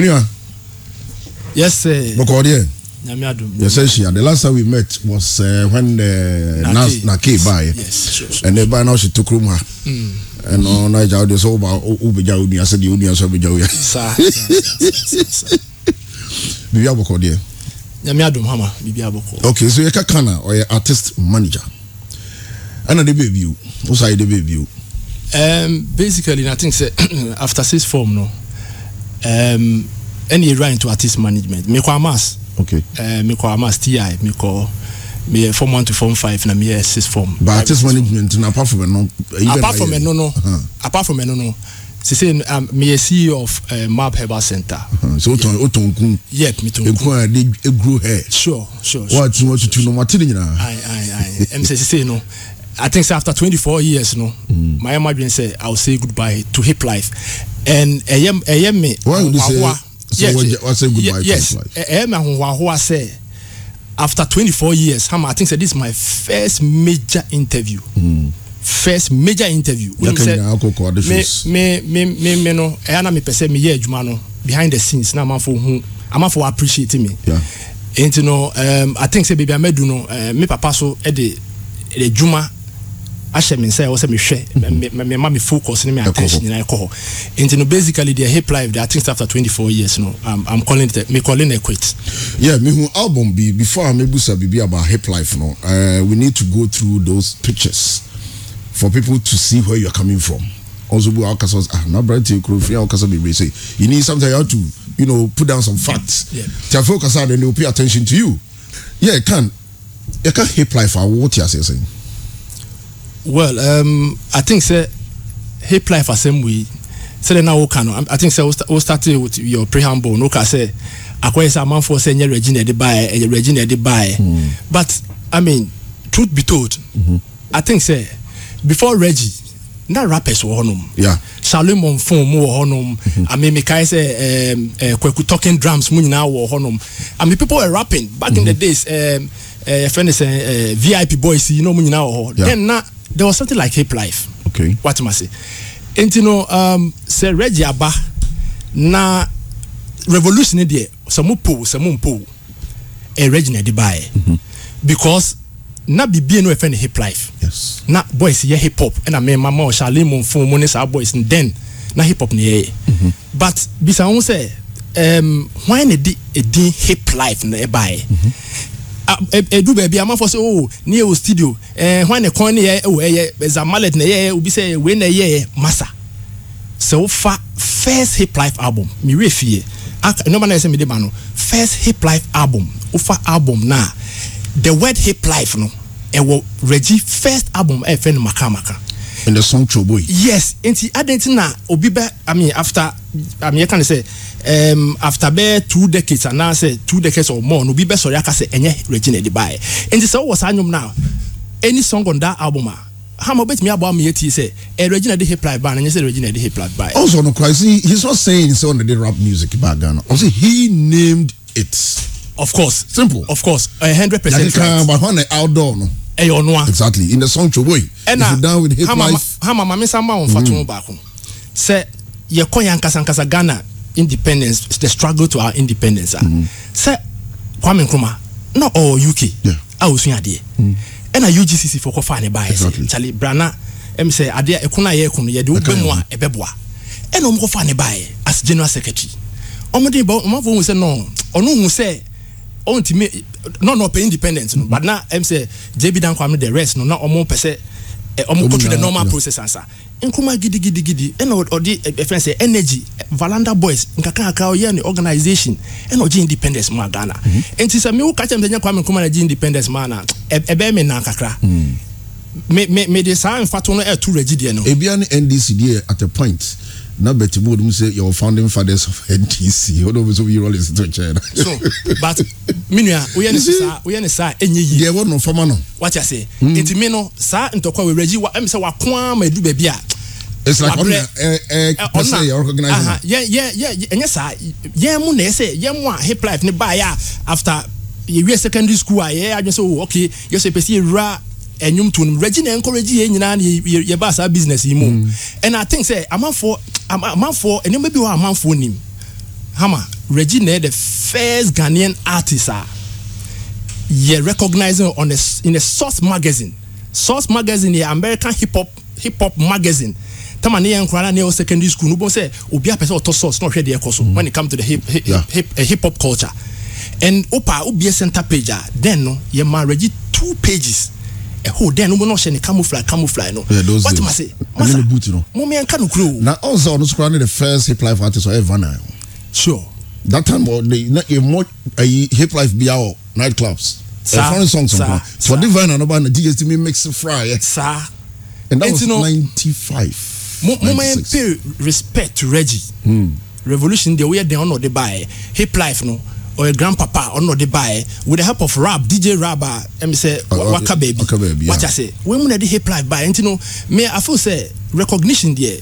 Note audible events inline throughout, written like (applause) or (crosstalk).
minua. yes sir. bɔkɔ ɔdi yes sir she the last time we met was uh, when uh, nake nake by yɛ. yes sure sure. ɛnna ba náà ṣe tó kurum ha. ɛnna n'ayi ja o saw sɔ ɔba o bɛ ja o nuya sɛ de o nuya sɔ bɛ ja bibi abɔkɔ ɔdi yɛ. nyami adum hama bibi abɔkɔ. okay so you're a kan or ɔyɛ artist manager ɛnna de bɛ bi o o sa yɛ de Um, basically, I think say, (clears throat) after six form, no, um, ɛna ewura into artist management mekɔ amas okay ɛɛ eh, mekɔ amas ti mekɔ meyɛ form one to form five na meyɛ six form. but artist management na apart from ɛno. Uh-huh. apart from ɛno no apart from ɛno no sise um, meyɛ ceo of uh, eh, map herbal center. Uh-huh. so o tɔn o tɔn kun. yep mi tɔn kun ekun a de e grow hair. sure sure sure. wa tun wa tutu na wa ti ne nyinaa. ayi ayi ayi ɛmi sɛ sise no i think say after 24 years no. Mm. my mama dream say i will say goodbye to hip life and ɛyɛ eh, ɛyɛ me. why you say so yes, wọ́n wọ́n say goodbye yes, to life. yes ẹ̀ẹ́mì ahohoahoa sẹ́ after twenty four years hama i think say this is my first major interview. Mm. first major interview. yakanyi akoko auditions. me me me me no ɛyà eh, na mi pɛ sɛ mi yɛ adwuma no behind the scenes na amanfo hu amanfo appreciate me. Yeah. nti no um, i think say baby amadu no uh, me papa so ɛde eh, ɛdwuma ahyɛ me nsa ɛwɔ sɛ mehwɛ mema me focus ne me attention nyinaa ɛkɔ hɔ nti no basically deɛ hip life the things after 24 years no um, i'm calling it me calling it quit yeah mehu album bi before I'm able mebusa biribi about hip life no uh, we need to go through those pictures for people to see where you are coming from also bu akasa ah na aberante kuro fi akasa bebree say you need something. you have to you know put down some facts tia focus on and they will pay attention to you yeah it can it can hip life awo ah, what you are saying well um, i think sɛ hip life asɛm wei sɛdeɛ na woka no i think sɛ wo start with your pre-humble. preamble no woka sɛ akɔyɛ sɛ amanfoɔ sɛ ɛnyɛ regina ɛde baeɛ eh, ɛyɛ regina ɛde baeɛ eh. hmm. but i mean truth be told mm -hmm. i think sɛ before reggie na rappers wɔ hɔnom yeah. salomon fon mu wɔ hɔnom ami mikae sɛ um, uh, eh, kwaku talking drums mu nyinaa wɔ I mean, people were rapping back mm -hmm. in the mm-hmm. days um, uh, yɛfrɛ no sɛ uh, vip boys yi know, ɔmu nyinaa wɔ hɔ yeah. then na there was something like hip life. Okay. What am I say? Nti no um, sɛ Reggie aba na revolution there. sɛ mo po sɛ a Reggie na ɛde baayɛ. Mm-hmm. Because na bi no ɛfɛ no hip life. Yes. Na boys yɛ hip hop Ena mɛ mama ɔ Charlie mo fun mo ne saa boys n den na hip hop ne yɛ mm-hmm. But bisa n sɛ um, wɔn na ɛde ɛdin hip life na ɛbaayɛ. Mm mm-hmm edu baabi amanfo sɛ o ne yɛ o studio ɛɛ hwan ne kɔn ne yɛ o ɛyɛ ɛza mallet ne yɛ obi sɛ wei na yɛ yɛ masa sɛ fa first hip life album mi wi efie aka nneɛma na yɛ sɛ mi de ma no first hip life album o fa album na the word hip life no ɛwɔ reggie first album ɛyɛ fɛn no makamaka. Maka in the song chobo yi. yes nti adanti na obi bɛ i mean after i mean yɛ kan sɛ um, after bɛɛ two decades anaasɛ two decades or more no obi bɛ sɔrɔ aka sɛ ɛnyɛ regina de baa yɛ nti sɛ ɔwɔ saa nyom na any song on that album a hama obetumi abo ama yɛti sɛ ɛ eh, regina de hip-hop baa na nyɛ sɛ regina de hip-hop baa. also no cry see he's not saying say so, ɔna de rap music baa ghana ɔsɛ he named it of course simple of course a hundred percent right yankan but wọn na outdoor no. ɛyɛ ɔno a exactly in the song choboy if you down with hate life ɛna hama maame sanba wɔn fa mm-hmm. tunu baako sɛ yɛkɔ yan kasankasa ghana independence the struggle to our independence a ah. mm-hmm. sɛ kwame nkrumah na ɔwɔ uk a osun adeɛ ɛna ugcc fɔ kɔfa ne ba yɛ sɛ kyale brana ɛmi sɛ adeɛ ɛkuna yɛ ɛkunu yɛ de wo bɛ mu a ɛbɛ bɔ a ɛna wɔn kɔfa ne ba yɛ as general secretary wɔn de ba wɔn afɔ wɔn sɛ no ɔno hun sɛ ɔntumi na ɔna ɔpɛ independent no but na ɛm sɛ jb dan Kwame the rest no na ɔmo pɛ sɛ ɔmo go through the normal process ansa nkruma gidigidigidi ɛna ɔde ɛfɛn sɛ energy valanda boys nkakrankakra ɔyɛ ni organization, ɛna ɔgye independence mu a ghana nti sɛ mewo kakyɛ mi sɛ nyɛ kwame nkruma na gye independence mu a na ɛbɛn mi nan kakra mm. me me me de saa nfato no ɛɛtu rɛ gyi deɛ no. ebia ni ndc deɛ at a point na betty mood mu say your founding fathers of ndc o don so you roll into china. so but minua oyɛ ne saa oyɛ ne saa enye yie. deɛ wɔn fama no. wati ase. nti mi no saa ntɔkwa wɛrɛ yi wa ɛmi wa kɔn ama edu baabi a. it's like ɔna ɛ ɛ ɔna yɛ recognize na. yɛ yɛ yɛ ɛnyɛ saa yɛn mu na ɛsɛ yɛn mu a hip life ne ba yɛ a after yɛ wiye secondary school a yɛ yɛ adwene sɛ o okay yɛ sɛ pɛsi yɛ wura ɛnwom to no regina encourage yɛn nyinaa na yɛba saa business yi mu mm. and i think sɛ amanfoɔ amanfoɔ nneɛma bi wɔ amanfoɔ nim hama regina yɛ the first ghanaian artist a yɛ recognizing on a in a source magazine source magazine yɛ american hip hop hip hop magazine tama ne yɛ nkura na ne yɛ secondary school n'obɔn sɛ obi apɛ ɔtɔ source na ɔhwɛ deɛ ɛkɔ so mm. when it come to the hip hip hip, uh, hip hop culture and opa obi yɛ center page a then no yɛ ma regi two pages ɛho dɛn no mu na ɔhyɛ camouflage camouflage no wati ma se masa mo mi nka no kuro. na ɔnza ɔno sukura ne the first hip life artist ɔyɛ vanna. sure. that time ɔ oh, de na e mɔ ayi hip life bi awɔ night clubs. saa foreign songs nkan for the vanna no ba na dj timi mix fry yɛ. Eh. saa and that was ninety five. mo mo ma pay respect to reggie. Hmm. revolution de o yɛ den ɔna ɔde ba yɛ hip life no ɔyɛ grandpapa ɔno ɔde baɛ with the help of Rab, dj rap a ɛmi sɛ waka Baby. What I say, when mu na ɛde hip life you know, me I feel say recognition there.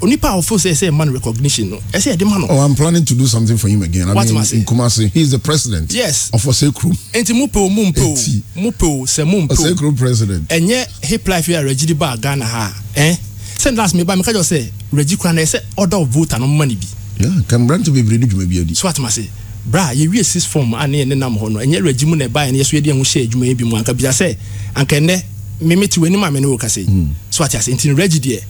onipa a ɔfo say say man recognition no ɛsɛ ɛde ma no. oh i'm planning to do something for him again i What mean in kumasi he is the president. yes of osekurum. nti mu pew mu mpew mu pew sɛ mu mpew osekurum president. ɛnyɛ hip life yɛ regidi bar ghana ha ɛn eh? send last me ba me kájọ sɛ regi kura na ɛsɛ order of voter no mma ni bi. yeah kan mmeranteɛ bebree di dwuma bi adi. so atuma se bra yɛwie six form a ne yɛne nam hɔ no ɛnyɛ rɛgyi mu na ɛbaeɛ no yɛso yɛde ɛho hyɛ adwuma yi bi mu anka bia sɛ anka ɛnɛ memete w'anim a me ne wo kasa hmm. so ate ase nti rɛgyi deɛ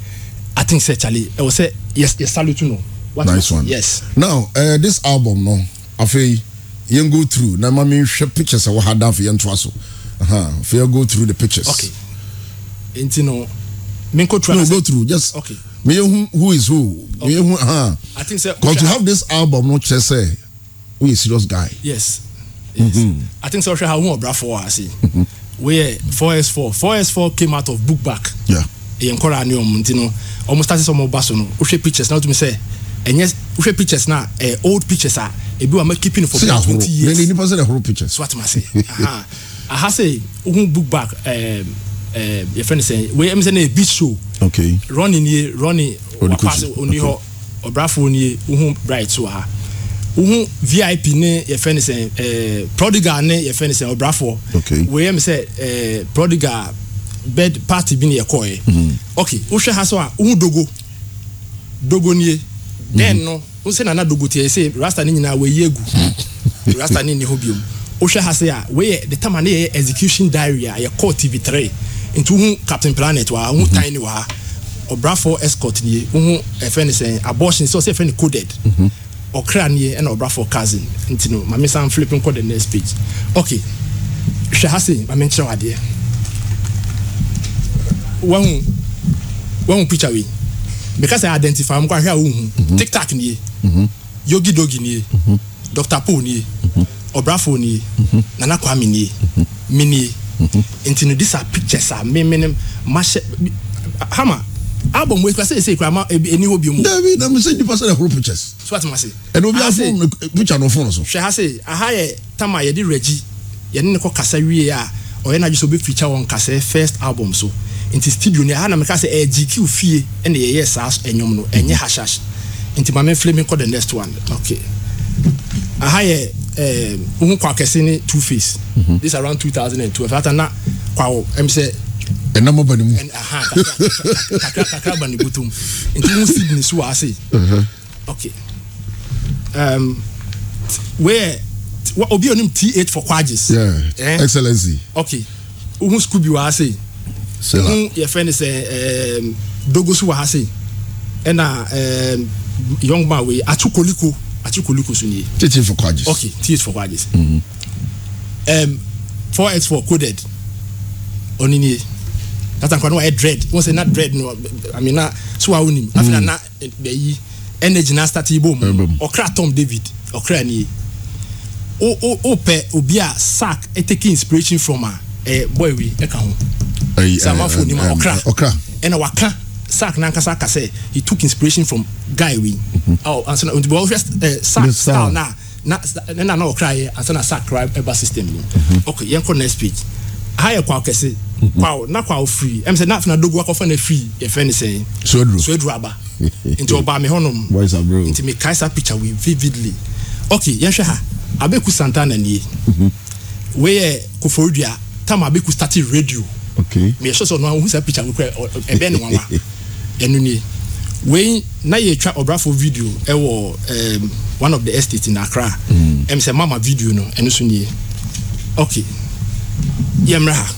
i sɛ kyale ɛwɔ e sɛ yɛsalute no nice one yes now uh, this album no afei yɛn go through na ma menhwɛ pictures a wɔha da afei yɛntoa so afei yɛ go through the pictures okay nti no menkɔ tura no go through just okay me yɛn who is who Okay. yɛn who uh -huh. i think sɛ because to have this album no kyerɛ sɛ we a serious guy. yes yes mm -hmm. i think sọ ṣe ha wọn ọbra fọ wa si wey four s four four s four came out of book back. Yeah yɛn nkɔla ne ɔmo nti no ɔmo start sɛ ɔmo ba so no wohwɛ pictures na wotumi sɛ ɛnyɛ wohwɛ pictures na ɛɛ old pictures a ah, ebi wa ma keep no for about twenty years sɛ ahoro nipa sɛ ahoro pictures so atuma se aha sɛ ohun book back ɛɛ ɛɛ yɛfɛ ne sɛ say, ɛmi sɛ ne yɛ beach show okay ronny nie ronny wapaase oni hɔ ɔbrafo ohun bright so aha wohu vip ne yɛfɛ ne sɛ ɛɛ eh, prodigal ne yɛfɛ ne sɛ ɔbrafoɔ wɔyɛ mi sɛ ɛɛ eh, prodigal bed party bi ne yɛ kɔɔ yɛ mhm. ok wohwɛ ha so a wohu dogo dogo nie den mhm. no wosɛ nana dogo tiɛ sɛ rasta ne nyinaa wɔyi egu (laughs) rasta ne ne ho biom wohwɛ ha se a wɔyɛ the time ne yɛ execution diary a yɛ kɔɔ tv three nti wohu captain planet wa wohu mhm. tiny wa ɔbrafoɔ escort nie wohu ɛfɛ ne sɛ abortion sɛ ɔsɛ ɛfɛ ne coded. Mm -hmm ɔkra neɛ ɛna ɔbra for cousin nti no maame san flip nkɔ the next page okay hwɛ ha sei maame nkyerɛw adeɛ wahu wahu picture wei because i identify mu kɔ ahwɛ a wohu mhm. tiktok nie mhm. yogi dogi nie mhm. dr paul nie ɔbrafo nie nana kwame nie me nie nti no disa are pictures a me me ne mahyɛ hama album wo ekura seesei kura ma eni hɔ bi mu. dabi na mi se nipa sɛ ɛhoro pictures. so ati ma se. ɛna obi afɔ mu picture na ɔfɔ na so. hwɛ ha se aha yɛ tama yɛde regi yɛne ne kɔ kasa wie a ɔyɛ n'adwi sɛ obi feature wɔn kasa first album so nti studio ni aha na mi ka sɛ ɛyɛ eh, gq fie ɛna yɛyɛ saa ɛnyɔm eh, no ɛnyɛ eh, hashash nti maame file mi kɔ the next one okay aha yɛ ɛɛ ohun kɔ akɛse ne two face mhm. this around two thousand and twelve ata na kwawo ɛmi sɛ ɛnam aba ne mu kakra ba ne botom nti wo seed ne so wɔ ase uh-huh. okay um, where what obi onim th for quadges. yeah eh? excellency. okay ohun school bi wa ha se. sela ohun yɛ fɛn ne eh, sɛ um, dogosu wa ha se ɛna um, young man wey atu koliko atu koliko sun ye. th for quadges. okay th for quadges. Mm -hmm. um, 4x for coded onini ye kata nkwa no wɔyɛ eh, dread wɔn sɛ na dread no ami na so wa onim afina na eh, bɛyi energy na ti ibo eh, mu ɔkra tom david ɔkra nie o o o pɛ obi a sack e taking inspiration from a ɛɛ boy wi ɛka e ho samafo ni ma ɔkra ɛna waka sack nankasa kasɛ he took inspiration from guy wi ɔ ansana ntɛ bɔ ɔhwɛ sack style na na na na ɔkra yɛ ansana sack kra ɛba system mu mm-hmm. ok yɛn kɔ next page ha yɛ kwaw kɛse mhm. kwaw na kwaw firi ɛmu sɛ nafina dogo akɔfa na firi yɛfɛ ne sɛ sueduro sueduro aba (laughs) nti ɔbaa mi hɔnom nti mi kae sa picture wi vividly ok yɛhwɛ ha abeku santana nie mhm. wei yɛ koforidua tam abeku starti radio okay mi yɛhwɛ sɛ picture kura ɛbɛn ne nwanwa (laughs) ɛnu nie wei na yɛtwa ɔbrafo video ɛwɔ ɛɛm one of the estate in accra mm. ɛmu sɛ mama video no ɛno so nie okay. yɛmmerɛ ha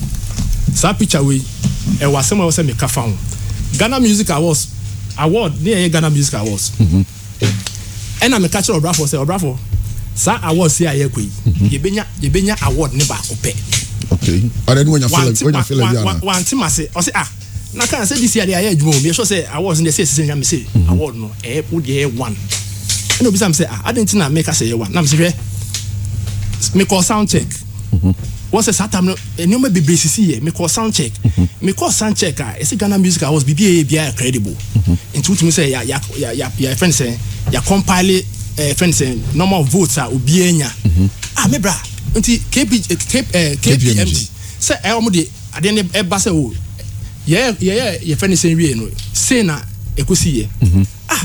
saa picture wei ɛwɔ asɛm a ɛwɔ sɛ meka fa ho ghana music awards award ne yɛyɛ ghana music awards mhm. ɛna meka kyerɛ ɔbrafoɔ sɛ saa award si a yɛkɔ yi mhm. yɛbɛnya yɛbɛnya award ne baako pɛ wante ma se ɔse ah na kan sɛ disi ade ayɛ adwuma o meyɛsɛ sɛ awards ne ɛsɛ sɛ nyame se mhm. award no ɛyɛ esi ɛyɛ one ɛna obisa m sɛ ah adɛn nti na meka sɛ one na hwɛ sound check wọ́n sẹ́ sáà tam eh, nneɛma bebree sisi yɛ mekɔ sound check mhm. mekɔ sound check a ɛsɛ ghana music awards biribi a yɛ credible yɛ mhm. credible nti wotumi sɛ yà yà yà yà fɛn sɛ yà compile eh, ɛɛ fɛn sɛ normal votes a obiara nya mhm. a ah, mebra nti kp ɛɛ eh, kpmg sɛ ɛyɛ wɔn de adeɛ ne ɛba sɛ o oh, yɛ yɛ yɛ fɛn sɛ wie no sei na ɛkosi yɛ ah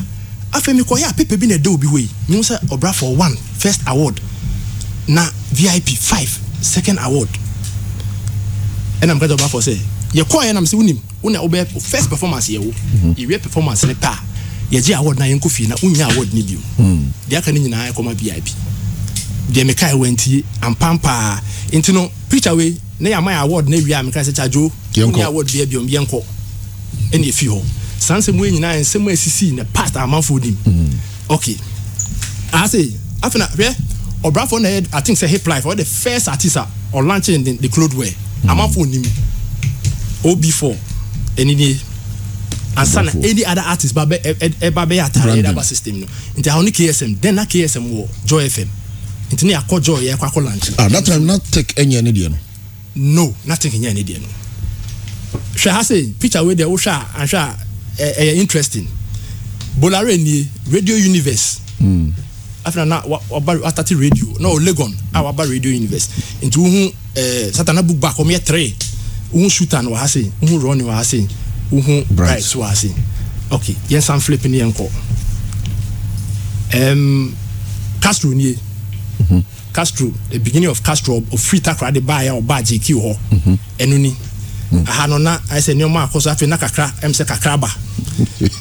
afei mekɔ yɛ a pepe bi na ɛda obi hɔ yi mehu sɛ ɔbra for one first award na vip five second award ɛna mekata ɔbaafo sɛ yɛkɔɔyɛ nam sɛ wonim wona wobɛyɛ first performance yɛwo mhm. yɛwie performance ne paa yɛgye award na yɛnkɔ fie na wonya hmm. award ne bio deɛ aka no nyinaa ɛkɔma bib deɛ mekae wantie ampampaa nti no preacher wei na yɛama yɛ award na awie a mekae sɛ kyadwo wonya award bia biom yɛnkɔ ɛne ɛfi hɔ saa nsɛm wei nyinaa nsɛm a ɛsisii na past amanfoɔ nim hmm. okay ase afena hwɛ ọbrafo na yɛ i think sɛ hip life Or the first artist a ɔlanche the the cloth wear amanfo onim ob four ɛni nie ansa na any other artist ba bɛ ɛba bɛ yɛ ataare yɛ daba system no nti ahɔn ni ksm then na ksm wɔ joy fm nti ne akɔ joy yɛ e akɔ akɔ lanche. ah that time na take ɛnyɛ ne deɛ no. no na take ɛnyɛ ne deɛ no hwɛ ha sɛ picture wey deɛ wohwɛ a ahwɛ a ɛyɛ interesting bolare nie radio universe. Mm afei na waba atati radio na o legon a waba radio universe nti wohu ɛɛ eh, satana book baako mi yɛ three wohu shooter wɔ ha se wohu ronny wɔ ha se wohu bright wɔ ha se ok yɛn san flip ni yɛn kɔ ɛɛm castro nie. Mm-hmm. castro the beginning of castro ofiri takra de baa yɛ ɔbaa gye kii hɔ ɛnu ni mm. aha no na ayɛ sɛ nneɛma akɔsɔ afei na kakra ɛm sɛ kakra ba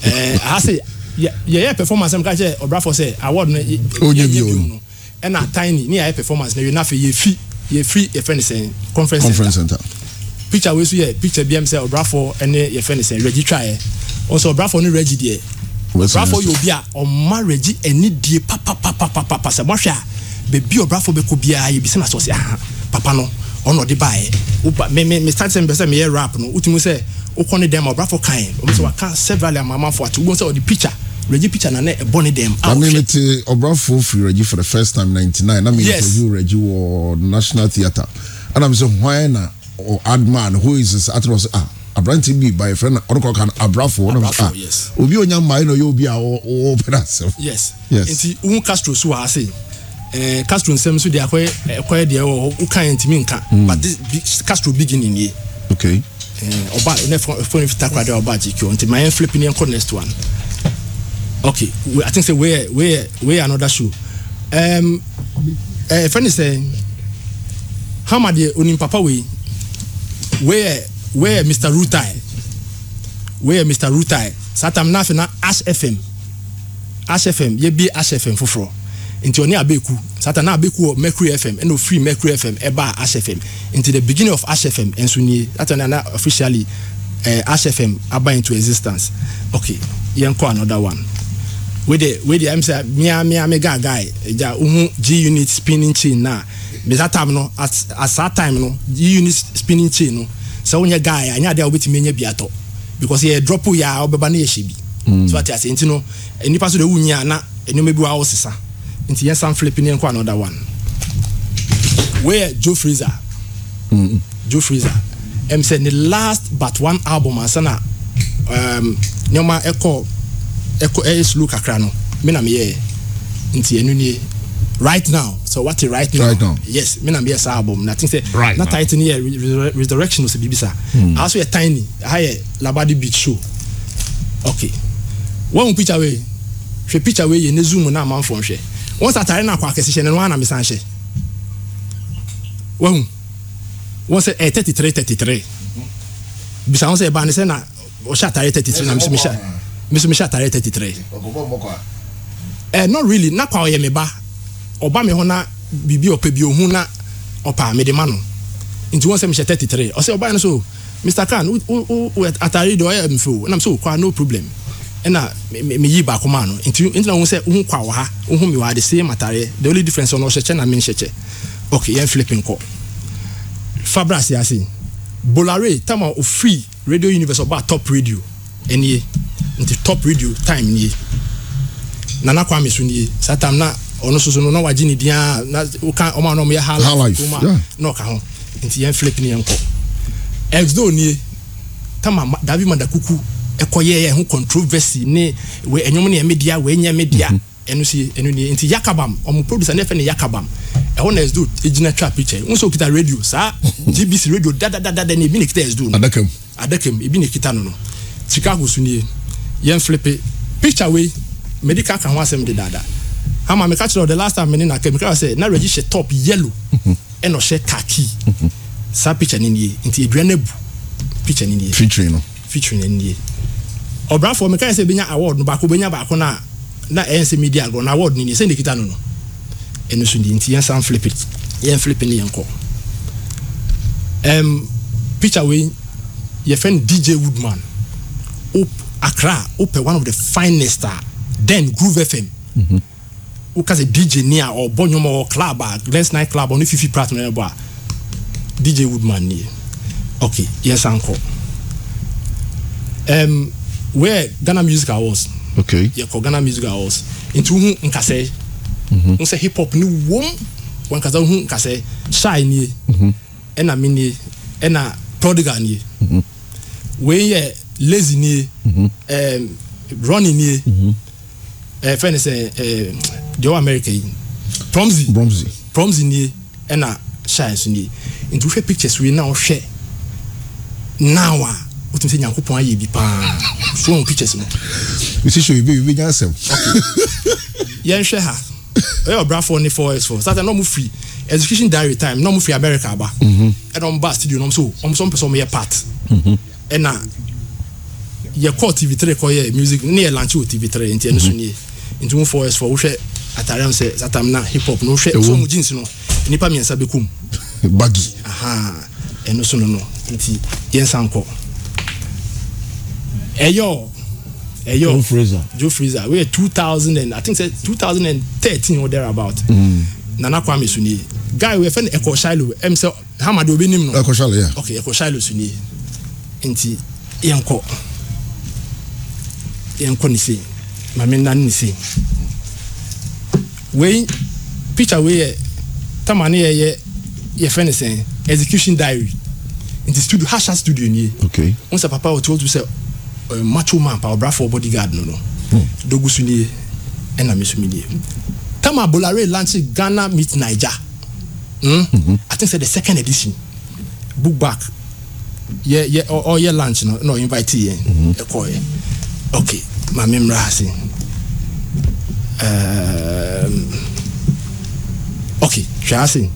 ɛɛ aha se yɛyɛ performance mu kakyɛ ɔbrafo sɛ award no yɛyɛ bi o ɛna tiny Ni yɛayɛ performance na yɛ n'afɛ yɛfi yɛfi yɛfɛ ne sɛn conference center conference center picture wey so yɛ picture bi mu sɛ ɔbrafo ɛne yɛfɛ ne sɛn regi twa yɛ ɔsɛ ɔbrafo ne regi deɛ ɔbrafo yɛ obi a ɔma regi ɛni die papapapapapa sɛ mɔhwɛ a beebi ɔbrafo bɛkɔ biara yɛ bi sɛ na sɔ si aha papa no ɔna ɔde baeɛ woba me me me start sɛ mpɛ sɛ meyɛ rap no wotumi sɛ wokɔ ne dɛm a kan ɔmo sɛ waka several amamanfo ate wogbɔn sɛ ɔde picture regi picture na ne ɛbɔ ne dɛm a wɔhwɛ. te ɔbrafo firi regi for the first time ninety nine na mi interview regi wɔ national theatre ɛna mi sɛ hwan na oh, adman who is his atena ɔsɛ ah abirante bi ba efra na ɔno kɔ kan abrafo ɔno ah obi onya mmaa yi na ɔyɛ obi a ɔwɔ pɛrɛ asɛm. yes nti ohun castro so wa ase ɛɛ eh, castro nsɛm nso eh, deɛ akɔyɛ ɛkɔyɛ deɛ ɛwɔ ɔka yɛn ntumi nka hmm. but this bi castro beginning yie. okay. ɛɛ eh, ɔba ne fɔni fita kura de ɔba gq nti maa yɛn flip ni yɛn kɔ next one okay we, i think say wey wey wey another show um, ɛɛ fɛn de sɛ hama deɛ onim papa wei wey wey mr rutai wey mr rutai satam naafe na ash fm ash fm yɛ bi ash fm foforɔ nti ɔne abeku satan na abeku wɔ mercury fm ɛna ofiri mercury fm ɛba ash fm nti the beginning of ash fm nso nie satan na officially ɛɛ uh, eh, ash fm aba into existence okay yɛn kɔ another one wey de wey de ɛm sɛ mia mia mi guy guy ɛgya ohun g unit spinning chain na bisa time no as as that time no g unit spinning chain no sɛ wonyɛ guy a anya adeɛ a wobɛtumi enya bi atɔ because yɛ drop ya a ɔbɛba ne yɛ hyɛ bi mm. so ati ase nti no nipa so de wu nyi a na nneɛma bi wa nti yɛ san flipping ne nkɔ another one weyɛ joe freezer joe freezer ɛm sɛ ne last but one album ansa na um, nneɛma ɛkɔ ɛkɔ ɛyɛ slow kakra no mi na mi yɛ nti ɛnu nie right now so what right now right now yes mi na mi yɛ saa album na ti sɛ right na title ni yɛ resurrection ose bibi sa hmm. aso yɛ tiny aha yɛ labadi beach show okay wɔn mu picture wei hwɛ picture wei yɛ ne zoom na amanfo nhwɛ wɔn sɛ atare no akɔ akɛsehyɛ no no ana mesan hyɛ wahu wɔn sɛ e, ɛyɛ eh, thirty three thirty three bisa wɔn sɛ e, ɛbaa ne sɛ na ɔhyɛ atare thirty three na mesu mehyɛ mesu mehyɛ atare thirty three ɛɛ eh, not really na kwa ɔyɛ me ba ɔba mi hɔ na biribi ɔpɛ bi ohun na ɔpa mi de ma no nti wɔn sɛ mehyɛ thirty three ɔsɛ ɔbaa yɛn no so mr khan wo wo atare de ɔyɛ mfe o ɛnam sɛ okwa no problem ɛna meyi baako maa no nti ntina ohun sɛ ohun kwa wɔ ha ohun mi wɔ ha the same atareɛ the only difference ɔno ɔhyɛ kyɛ na mi nhyɛ kyɛ okay yɛn flipping kɔ fabras yasi bolare time a ofiri radio universe ɔbaa top radio ɛnie nti top radio time nie nana kwame so nie saa time na ɔno soso no na wagye ne din a na woka ɔmo a yɛ high life ɔmo a na ɔka ho nti yɛn flipping yɛn kɔ exdo nie time a david madakuku ɛkɔyɛ yɛ ho controversy ne we ɛnyɔm ne ɛmɛ dia wɛ nyɛ ɛmɛ dia mhm. ɛnu si ɛnu ni nti yakabam ɔmo producer ne fɛ ne yakabam ɛhɔ na ɛsdo egyina twa picture n so kita radio saa mhm. gbc radio dadadada ne ebi ne kita ɛsdo no adakam adakam ebi ne kita no no chicago so nie yɛn flipi picture wei medical ka ho asɛm de daadaa ama meka kyerɛ the last time mene na kɛ mekra sɛ na regi hyɛ top yellow mhm. ɛna ɔhyɛ kaki saa picture ne nie nti edua no abu picture ne nie featuring no featuring ne nie ɔbrafoɔ mekae sɛ bɛnya award no baako bɛnya baako no a na ɛyɛ sɛ media agorɔ na award no ni sɛ ne kita no no ɛno so ni nti yɛnsan flip it yɛn flip ne yɛnkɔ um, picture wei yɛfrɛ dj woodman op accra opɛ one of the finest a uh, then groove fm mm -hmm. dj ni a ɔbɔ nnwom ɔwɔ club a uh, lens night club ɔno fifi prat no ɛbɔ a dj woodman nie okay yɛsan kɔ um, where ghana music awards okay yɛkɔ ghana music awards nti wohu nkasɛ mm-hmm. n sɛ hip hop ni wom wankasa wohu nkasɛ shy nie mm-hmm. ɛna mi nie ɛna prodigal nie mm-hmm. wei yɛ lazy nie running ronny nie ɛɛ fɛn sɛ ɛɛ deɛ ɔwɔ america yi promzi promzi promzi nie ɛna shy nie nti wohwɛ pictures wei na ɔhwɛ now a wotum sɛ nyankopɔn ayɛ bi paa so wɔn pictures mu. bisisio ibi ibi nya asɛm. yɛnhwɛ ha ɛyɛ ɔbrafoɔ ne four x four sata na ɔmo execution diary time na ɔmo america aba mm-hmm. ɛna ɔmo ba studio na ɔmo so ɔmo so mpɛ sɛ yɛ part mm-hmm. ɛna yɛ kɔɔ tv three kɔ yɛ music ne yɛ lanchi wɔ tv three nti ɛno so mm-hmm. nie nti mo four x four wohwɛ atare no sɛ satam na hip hop no wohwɛ so mo jeans no nipa mmiɛnsa bɛ kum. bagi. ɛno so no no nti yɛnsa nkɔ ẹyọ ẹyọ Joe Fraser Joe Fraser wey two thousand and I think say two thousand and thirteen or thereabout mm. Nana Kwame Sunye guy wey fẹ́ ni ẹkọ Shiloh ẹm sẹ hamadi obi nim no ẹkọ Shiloh yẹ ok ẹkọ Shiloh Sunye nti yẹn kọ yẹn kọ nise maame nnan nise wei picture wei yɛ tama ne yɛ yɛ yɛ fɛ ne sɛn execution diary nti studio hasha studio nie okay n sɛ papa o ti o tu sɛ macho map a ɔbrafoɔ bodyguard no no hmm. dogu so nie ɛna me so me nie tama bolare launch ghana meet naija mm? mm -hmm. Mhm. i think say the second edition book back yɛ yɛ ɔyɛ lunch no na ɔinvite yɛn ɛkɔ mhm. e yɛ okay maame mmra ase um, okay hwɛ ase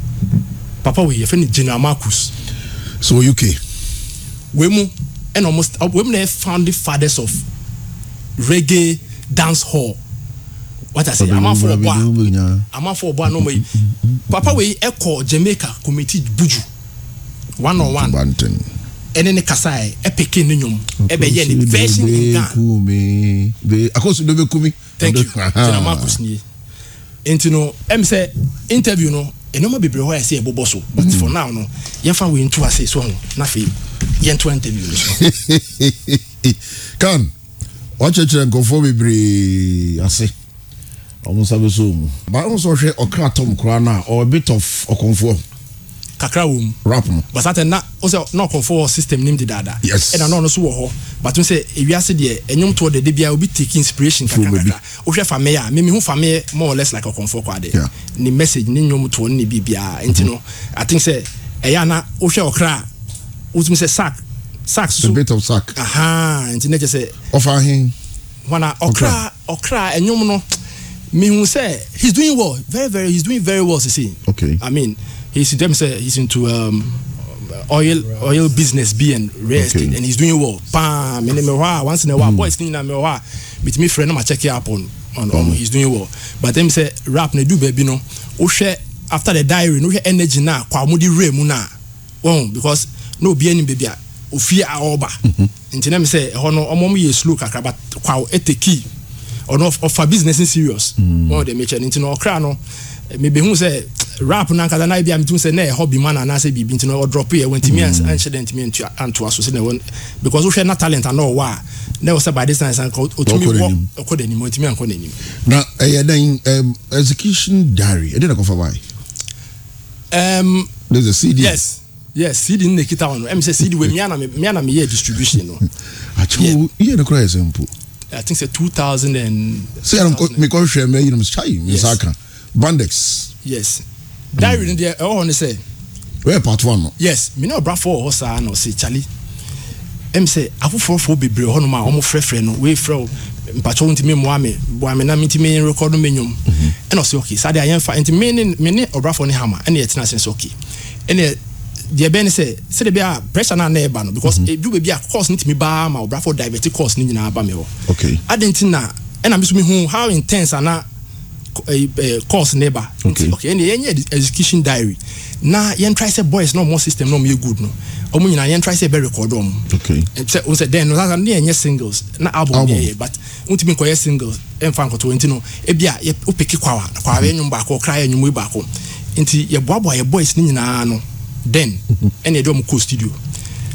papa wei yɛfɛ no general marcus so uk wei mu ɛna ɔmo uh, wɔn na yɛ founding fathers of reggae dance hall wata sɛ amanfo ɔbɔ a amanfo ɔbɔ a n'ɔmɔ yi papa wei ɛkɔ jamaica committee buju one on one ɛne ne kasa yɛ ɛpeke ne nyom ɛbɛyɛ ne version in ghana akosu do bɛ kumi thank you jɛnɛma akosunie nti no ɛmi sɛ interview no ɛnɔɔma bebree hɔ ayɛ sɛ ɛbɔbɔ so but for mm. now no yɛfa wei ntu ase so ho n'afɛ yi yɛnto interview no so kan wakyerɛkyerɛ nkɔfoɔ bebree ase ɔmo nsa bɛ so mu baahu sɛ ɔhwɛ ɔkra tɔm koraa no a bit of ɔkɔmfoɔ kakra wɔ mu rap no but satan na ɔsɛ na ɔkɔmfoɔ system nim de daadaa yes ɛna na ɔno so wɔ hɔ but sɛ ewiase deɛ enyom toɔ dede bia obi take inspiration kakrakakra wohwɛ fameɛ a mimi ho fameɛ more or less like ɔkɔmfoɔ kɔ adeɛ ne message ne nyom toɔ ne biribiara nti mm-hmm. no i think sɛ ɛyɛ eh, ana wohwɛ ɔkra a wotumi sɛ sack sack so the bit of sack aha nti ne kyɛ sɛ ɔfa ahen wana ɔkra ɔkra ɛnwom no mihu sɛ he's doing well very very he's doing very well sisi okay i mean he's dem sɛ he's into um, oil oil business bi and real okay. estate and he's doing well paa mene me hɔ a once in a while mm. boys ni na me hɔ a bitumi frɛ no ma check it up on on um, he's doing well but dem say rap na du baabi no wohwɛ after the diary no wohwɛ energy na kwamudi de rɛ mu na wɔn oh, because na obi anim baabi a ofie a ɔreba mhm. nti nam sɛ ɛhɔ no ɔmo yɛ slow kakra but kwaw ɛte key ɔno ɔfa business n serious wɔn mm. de mekyɛ no nti na ɔkra no mebehu sɛ rap nankasa na ebi a metum sɛ na ɛhɔ bi ma na anaasɛ biribi nti na ɔdrɔp yɛ wɔn ntumi mm. anhyɛ dɛ ntumi antoa so sɛdeɛ wɔn because wohwɛ na talent ana ɔwɔ a na ɛwɔ sɛ by this time sanka otumi wɔ ɔkɔ n'anim ɔtumi ankɔ n'anim. na ɛyɛ dɛn um, execution diary ɛdɛn na kɔfa baa yi. this is a cd. yes yes seed n na kita wɔn no seed wei mia na mi mia mi yɛ distribution no. akyɛw iye ne kura yɛ sɛ i think say two thousand and. sɛ yɛrɛ mi kɔ hwɛ mɛ yinom chai mi nsa kan bandex. yes diary ni deɛ ɛwɔ hɔ ni sɛ. wɛyɛ part one no. yes mi ni ɔbra fɔ wɔ hɔ saa na ɔsɛ kyale ɛmi sɛ afoforofo bebree hɔ oh, nom a wɔn frɛfrɛ no wei frɛ o mpatsɔ ntumi mua mi bua mi na mi ntumi rekɔdu mi nyom ɛna mm-hmm. ɔsɛ okay saa de ayɛ nfa mi ni mi ni ni hama ɛna yɛ tena ase sɛ okay ɛna deɛ bɛn sɛ sɛde bi a pressure naa na ɛba no because mhm. edu beebi a course ne tumi baa ma ɔbra fɔ divert course ne nyinaa ba mi wɔ okay adi nti na ɛna mi so mi hu how intense ana ɛɛ ɛɛ course ne ba okay okay ɛna yɛn yɛ execution diary na yɛn try sɛ boys na ɔmo system na ɔmo yɛ good no ɔmo nyinaa yɛn try sɛ ɛbɛ record ɔmo okay sɛ o sɛ den no sasa ne yɛn yɛ singles na album yɛ yɛ but n tumi nkɔ yɛ singles ɛnfa nkɔtɔ nti no ebi a yɛ o peke kwawa kwawa yɛ nyom baako kra yɛ nyom yi baako nti yɛ boaboa yɛ boys ne nyinaa no then ɛna yɛde wɔn kɔ studio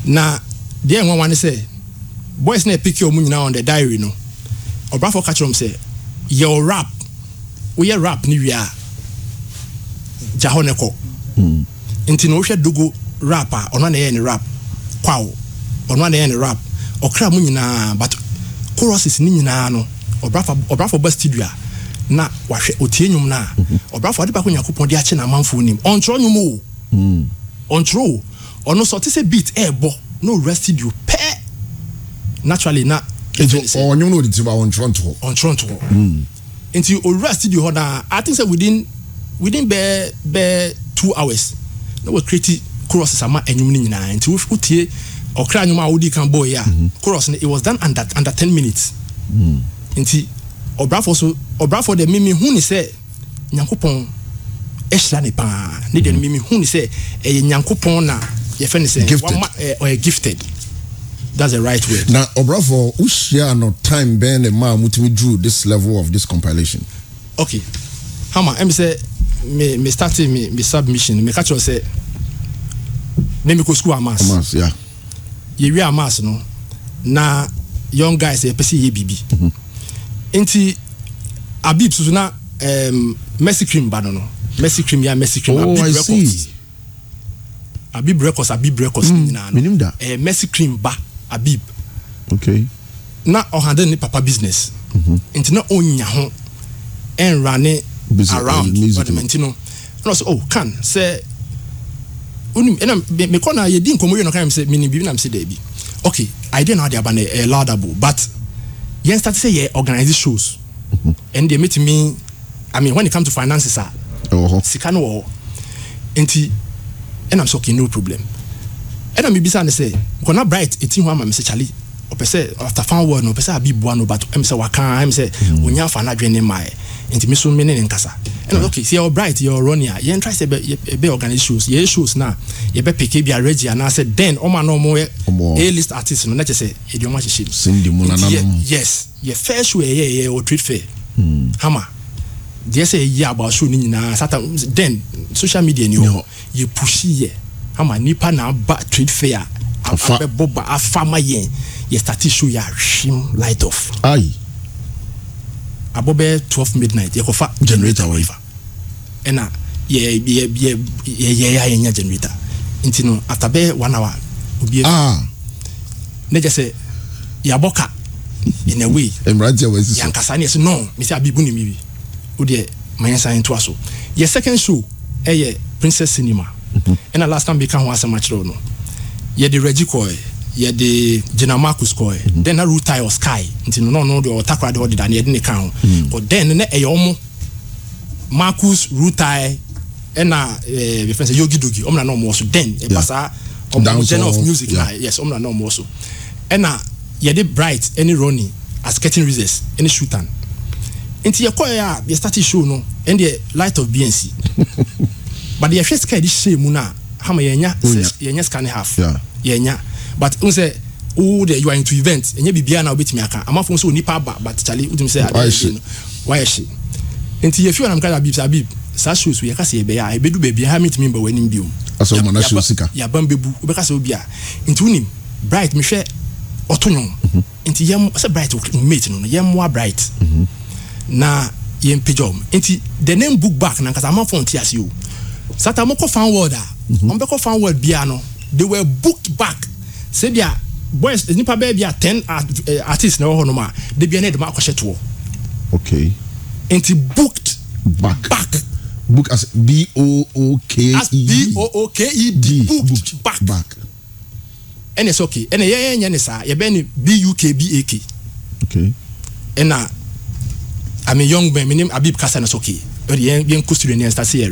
na deɛ nwa wan sɛ boys na ɛpeke ɔmu nyinaa on the diary no ɔbrafo ka wɔn sɛ yɛwɔ rap woyɛ rap ne wia gya hɔ ne kɔ mm. nti na wohwɛ dogo rap a ɔno na yɛ ne rap kwaw ɔno na yɛ ne rap ɔkra mu nyinaa but choruses ni nyinaa no ɔbrafo ɔbrafo ba studio a na wahwɛ otie nnwom na mm-hmm. ɔbrafo ade baako nyankopɔn de akyɛ n'amanfoɔ nim ɔntwerɛ nnwom o. Mm. On o ɔno sɛ ɔte sɛ beat ɛɛbɔ na ɔwura studio pɛɛ naturally na. nti ɔnyom na odi ti ba ɔntwerɛ nto hɔ. ɔntwerɛ nto hɔ nti ɔwura residue hɔ naa i think say within within bɛɛ bɛɛ two hours na wɔ create chorus ama ɛnyom no nyinaa nti wotie ɔkra nyom a wodi kan bɔ yi a chorus no it was done under under ten minutes. Mm. nti ɔbrafo so ɔbrafo de mimi hu ni sɛ nyankopɔn ɛhyira ne paa ne deɛ no mimihu ne sɛ ɛyɛ nyankopɔn na yɛfɛ ne sɛ wama ɔyɛ gifted that's the right word na ɔbrɔfo wohyia no time bɛn ne ma a mutumi duru this level of this compilation okay hama ɛmi sɛ me me start me me submission me ka kyerɛ sɛ ne mi kɔ amas amas yeah. yɛwi amas no na young guys yɛpɛ sɛ yɛ biribi mhm. nti abib soso na um, mercy cream ba no no mercy cream ya mercy cream oh, abib records abib records abib records mm, nyinaa no ɛyɛ eh, mercy cream ba abib okay. na ɔhande ni papa business mm -hmm. nti na ɔnya ho ɛnra eh, ne around ɔdɛmɛ eh, nti no ɛna ɔsɛ oh kan sɛ onim ɛna eh, mekɔ na yɛdi nkɔmɔ yɛ no kan sɛ mini bibi nam sɛ daabi okay idea na ɔde aba no ɛyɛ laudable but yɛn start sɛ yɛ organize shows ɛn deɛ metumi i mean when it come to finances a ɛwɔ hɔ sika no wɔ hɔ nti ɛnam sɛ okay no problem ɛna mebisa ne sɛ nkɔna bright ɛti ho ama me sɛ ɔpɛ sɛ after fan world no ɔpɛ sɛ abi boa no but ɛm sɛ waka ɛm sɛ ɔnya hmm. afa no adwene maɛ nti me so me ne ne nkasa ɛna hmm. okay sɛ yɛwɔ bright yɛwɔ rɔne a yɛn try sɛ ɛbɛ organize shows yɛyɛ shows na yɛbɛ peke bi a regi anaasɛ den ɔma na ɔmo yɛ a list artist no na kyɛ sɛ yɛde ɔmo ahyehyɛ mu yes yɛ fair show yɛyɛ yɛyɛ deɛ sɛ yɛyi about show no nyinaa satan then social media ni hɔ yɛpushi yɛ ama nipa na aba trade fair abɛbɔ ba afa ma yɛn yɛ start show yɛ ahwim light off. ayi. abɔ bɛ twelve midnight yɛ kɔfa generator wɔ ifa ɛna yɛ yɛ yɛ yɛ yɛ yɛ yɛ generator nti no after one hour obi ebi ah. ne jɛ sɛ yabɔ ka in a way. mmeranteɛ wɔ esi so yankasa ne yɛ sɛ no mesi abibu ni mi bi wodeɛ mayɛ san ntoa so yɛ second show ɛyɛ eh, princess cinema ɛna mhm. last time bɛka ho asɛm akyerɛ no yɛde regi kɔɛ yɛde gyina marcus kɔɛ mhm. then na Ruta or sky nti no no deɛ ɔtakora deɛ ɔdeda ne yɛde ne ka ho kɔ mhm. then ne ɛyɛ eh, ɔmo marcus Ruta ɛna ɛɛ bɛfɛn sɛ yogi dogi ɔmo na na ɔmo wɔ so then ɛba saa ɔmo genre of music na yes ɔmo na na ɔmo wɔ so ɛna yɛde bright ɛne ronnie as curtain raisers ɛne shootan nti yɛ kɔɛ a yɛ start show no ɛndeɛ light of bnc (laughs) but yɛhwɛ sika yɛde hyɛ mu no a hama yɛnya yɛnya sika ne half yɛnya but n sɛ wo de you are into event ɛnyɛ biribiara na wobɛtumi aka amafo sɛ onipa aba but kyale wotumi sɛ adeɛ no wayɛ hye nti yɛfi ɔnam kra abib sɛ abib saa show so yɛka sɛ yɛbɛyɛ a yɛbɛdu baabi ha metumi mba w'anim biom asɛ ɔmana hyew sika yɛaba mbɛbu wobɛka sɛ wobi a nti wonim bright mehwɛ ɔto nwom mhm. nti yɛm sɛ bright mate no no yɛmmoa bright mm -hmm na yɛn pagya wɔn nti the name book back na nkasa amanfo nti ase o sata mo kɔ fan world a wɔn mhm. bɛ kɔ fan world bia no they were booked back sɛdeɛ boys nipa bɛɛ bi a ten artist na ɛwɔ hɔ nom a de bia ne de ma akɔhyɛ toɔ okay nti booked back back book as b o o k e d as b o o k e d booked, back back ɛna ɛsɛ okay ɛna yɛn nyɛ ne saa yɛ bɛ ne b u k b a k okay ɛna. I'm a young man. My name Abib Kassan Osoki. But yen yen ku studio yen start see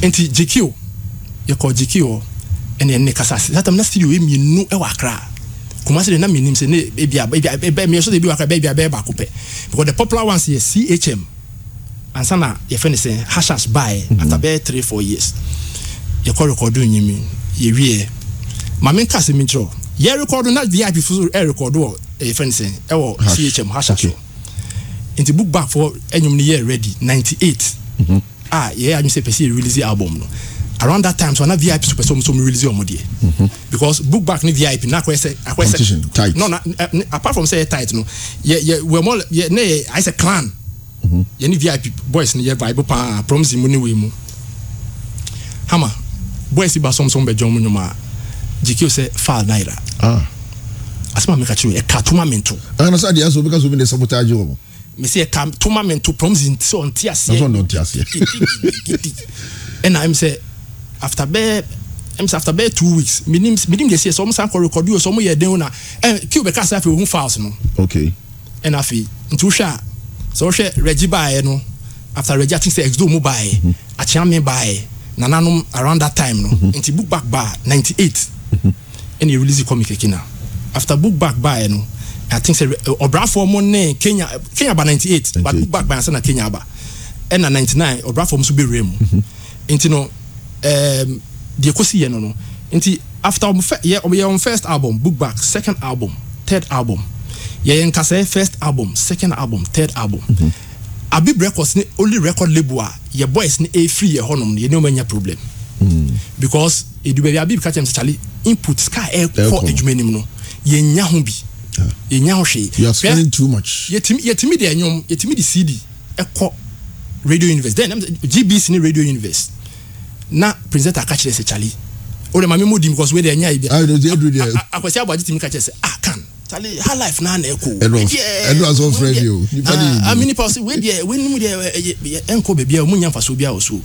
Enti GQ ye call GQ hɔ ɛna ɛne kasa ase that time na studio yɛ mienu wakra, Kumasi de na mi nim sɛ ne ebi a ebi a ɛbɛ mi yɛ so de bi wɔ Accra bɛɛ bi a bɛɛ baako because the popular ones yɛ CHM ansa na yɛfɛ ne sɛ hashas buy, ata after three four years yɛ kɔ rekɔdu mi, yɛ wiɛ maame nka asɛm nkyerɛ yɛ rekɔdu na vip so ɛrekɔdu wɔ yɛfɛ ne sɛ ɛwɔ CHM hashas so nti book back for ɛnyom no yɛ ready ninety eight mhm. a ah, yɛ adwene sɛ pɛ sɛ yɛ release album no around that time so ana vip so pɛ sɛ ɔmo release ɔmo deɛ mhm. because book back ne vip na akɔyɛ sɛ akɔyɛ sɛ tight no na eh, eh, apart from sɛ yɛ tight no yɛ yɛ wɛ mɔ yɛ ne yɛ ayɛ sɛ clan mhm. yɛ ne vip boys ne yɛ vibe paa promise mu ne wei mu hama boys ba sɔmsɔm bɛ jɔn mu nyɔma jikio sɛ faal naira ah. asɛm a mi ka kyerɛ yɛ ka tuma mi to. ɛn ah, na sɛ adiɛ so obi ka so obi de sabotage wɔ me say tam toma men to promise in so on tia see so on tia see and i'm say after be I'm say after be two weeks minim minim dey say some san ko record you some year dey na eh kill be cast afi ohun files no okay and afi ntu hwa so hwe regi bae no after regi i think say exdo mobile mm-hmm. achian me bae nananom around that time no mm-hmm. nti book back bar eight. Mm-hmm. and he release the comic kekina after book back bae no i think say ọbrafoɔ uh, mu ne kenya kenya ba ninety eight but back by ansa na kenya aba ɛna ninety nine ọbrafoɔ mu nso bɛ wura nti no ɛɛm um, deɛ kosi yɛ no no nti after ɔmo fɛ yɛ ɔmo yɛ ɔmo first album book back second album third album yɛyɛ nkasɛɛ first album second album third album. Mm-hmm. abib records ni only record label a yɛ boys ni efiri yɛ hɔnom yɛ ni wɔn anya problem. Mm. because edubabi abib kakyɛm sɛ kyale input sky ɛkɔ edwuma nim no yɛn nya ho bi. You are yɛnya ho hwee yɛtumi de ɛnwom yɛtumi de cd ɛkɔ radio universe then gbc ne radio universe na president aka kyerɛ sɛ kyale wode ma memɔdi because wede ɛnya yi biakwasi ah, abɔ agye tumi ka kyerɛ sɛ ah kan kyale ha life naa na ɛkɔ ɛdeɛame nipa sɛ wedeɛ wenum deɛ ɛnkɔ baabia ɔ munya mfasoɔ biaa wɔ so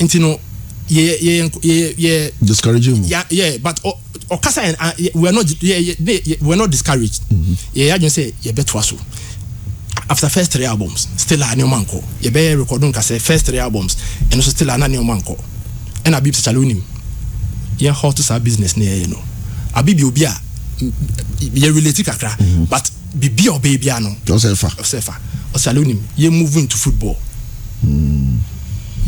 nti no yɛ discouraging Yeah, yeah, but oh, ɔkasa yɛn ah, we are not we are not discouraged mhm. yɛ yɛ adwene sɛ yɛ bɛ to aso after first three albums still a nneɛma nkɔ yɛ bɛ record nka sɛ first three albums ɛno so still a na nneɛma nkɔ ɛna bib sɛ kyale onim yɛn hɔ to saa business ne yɛyɛ no abibi obi a yɛ relate kakra mhm. but bibi a ɔbɛyɛ bia no ɔsɛfa ɔsɛfa ɔsɛfa ɔsɛfa yɛ move into football. Mm.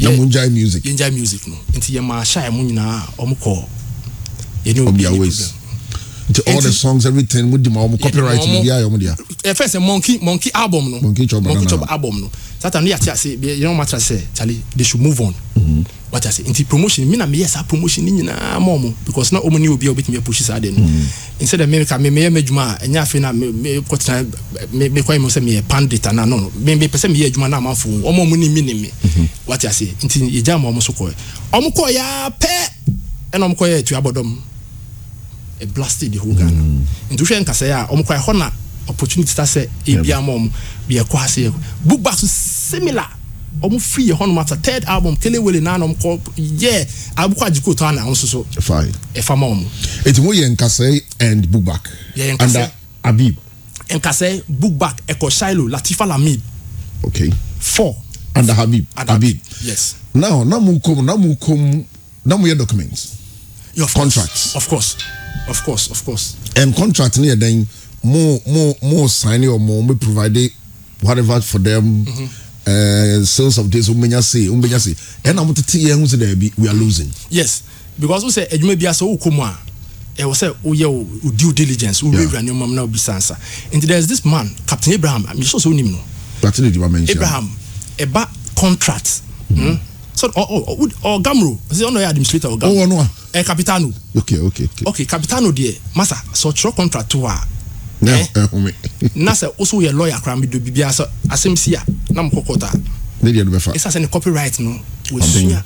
na mo n jai music. yɛn jai music no nti yɛn maa hyɛ a mo nyinaa ɔmo kɔ of their ways nti all the songs everything mo di ma ọmọ copyright ni bi a ọmọ di a. ẹ fẹsẹ monkey monkey album no monkey chop monkey chop album no satan yà ti ase yẹn wọn ma ti ase chale they should move on. wàtí mm-hmm. ase nti promotion mi na mi yẹ sa ah, promotion ni nyinaa ah, mọ ọmọ because na ọmọ ni obi a obi ti mi push saa de eh, no mm-hmm. instead of mi ka mi yẹ mi adwuma eh, a ẹnyẹ afei na mi kọ tena mi kọ ẹmu sẹ mi yẹ eh, pandit ana no mi mi pẹsẹ mi yẹ adwuma na ma fo ọmọ ọmọ ni mi ni mi wàtí ase nti yẹ gya ma ọmọ so kọ ọmọ kọ ya pẹ ẹna ọmọ kọ yẹ etu abọdọm blasted the whole ghana nti wohwɛ nkasɛeɛ a ɔmo kora ɛhɔ na opportunity ta sɛ ebi ama ɔmo yɛkɔ ase yɛkɔ book bag so similar ɔmo free yɛ hɔnom ata third album kelewele naa na ɔmo kɔ yɛ abukɔ agyiko tɔ ana ɔmo soso ɛfa ma ɔmo. eti mo yɛ nkasɛe and book back. bag yeah, under abib. nkasɛe book back. ɛkɔ shiloh latifa lamid. okay four. under habib under habib yes. now na mu nkom na mu nkom na mu yɛ documents. your contracts of course of course of course. And contract ni yɛ dɛn mo mo mo sign or mo mo provide whatever for them. Mm -hmm. Uh, sales of this omunya say omunya say ɛna mo tete yɛn ho sɛ dɛbi we are losing. yes because wosɛ edwuma bi asɛ okɔ mu a ɛwɔ sɛ woyɛ o due diligence wowura nneɛma mu na obi sansa nti there is this man captain abraham i'm sure sɛ onim no. captain abraham ɛba contract. Mm -hmm. Mm -hmm so ọgamro ṣe ọna yẹ administrator ọgamro ọwọ oh, nua ẹ eh, capitano ok ok okay okay capitano deɛ masa sọ twerɛ contract to a ɛ na sɛ o so yɛ lawyer kora mi do bibi asɛ asɛm si a na mo kɔ court a ne deɛ no bɛ fa ɛsɛ sɛ ne copyright no wosua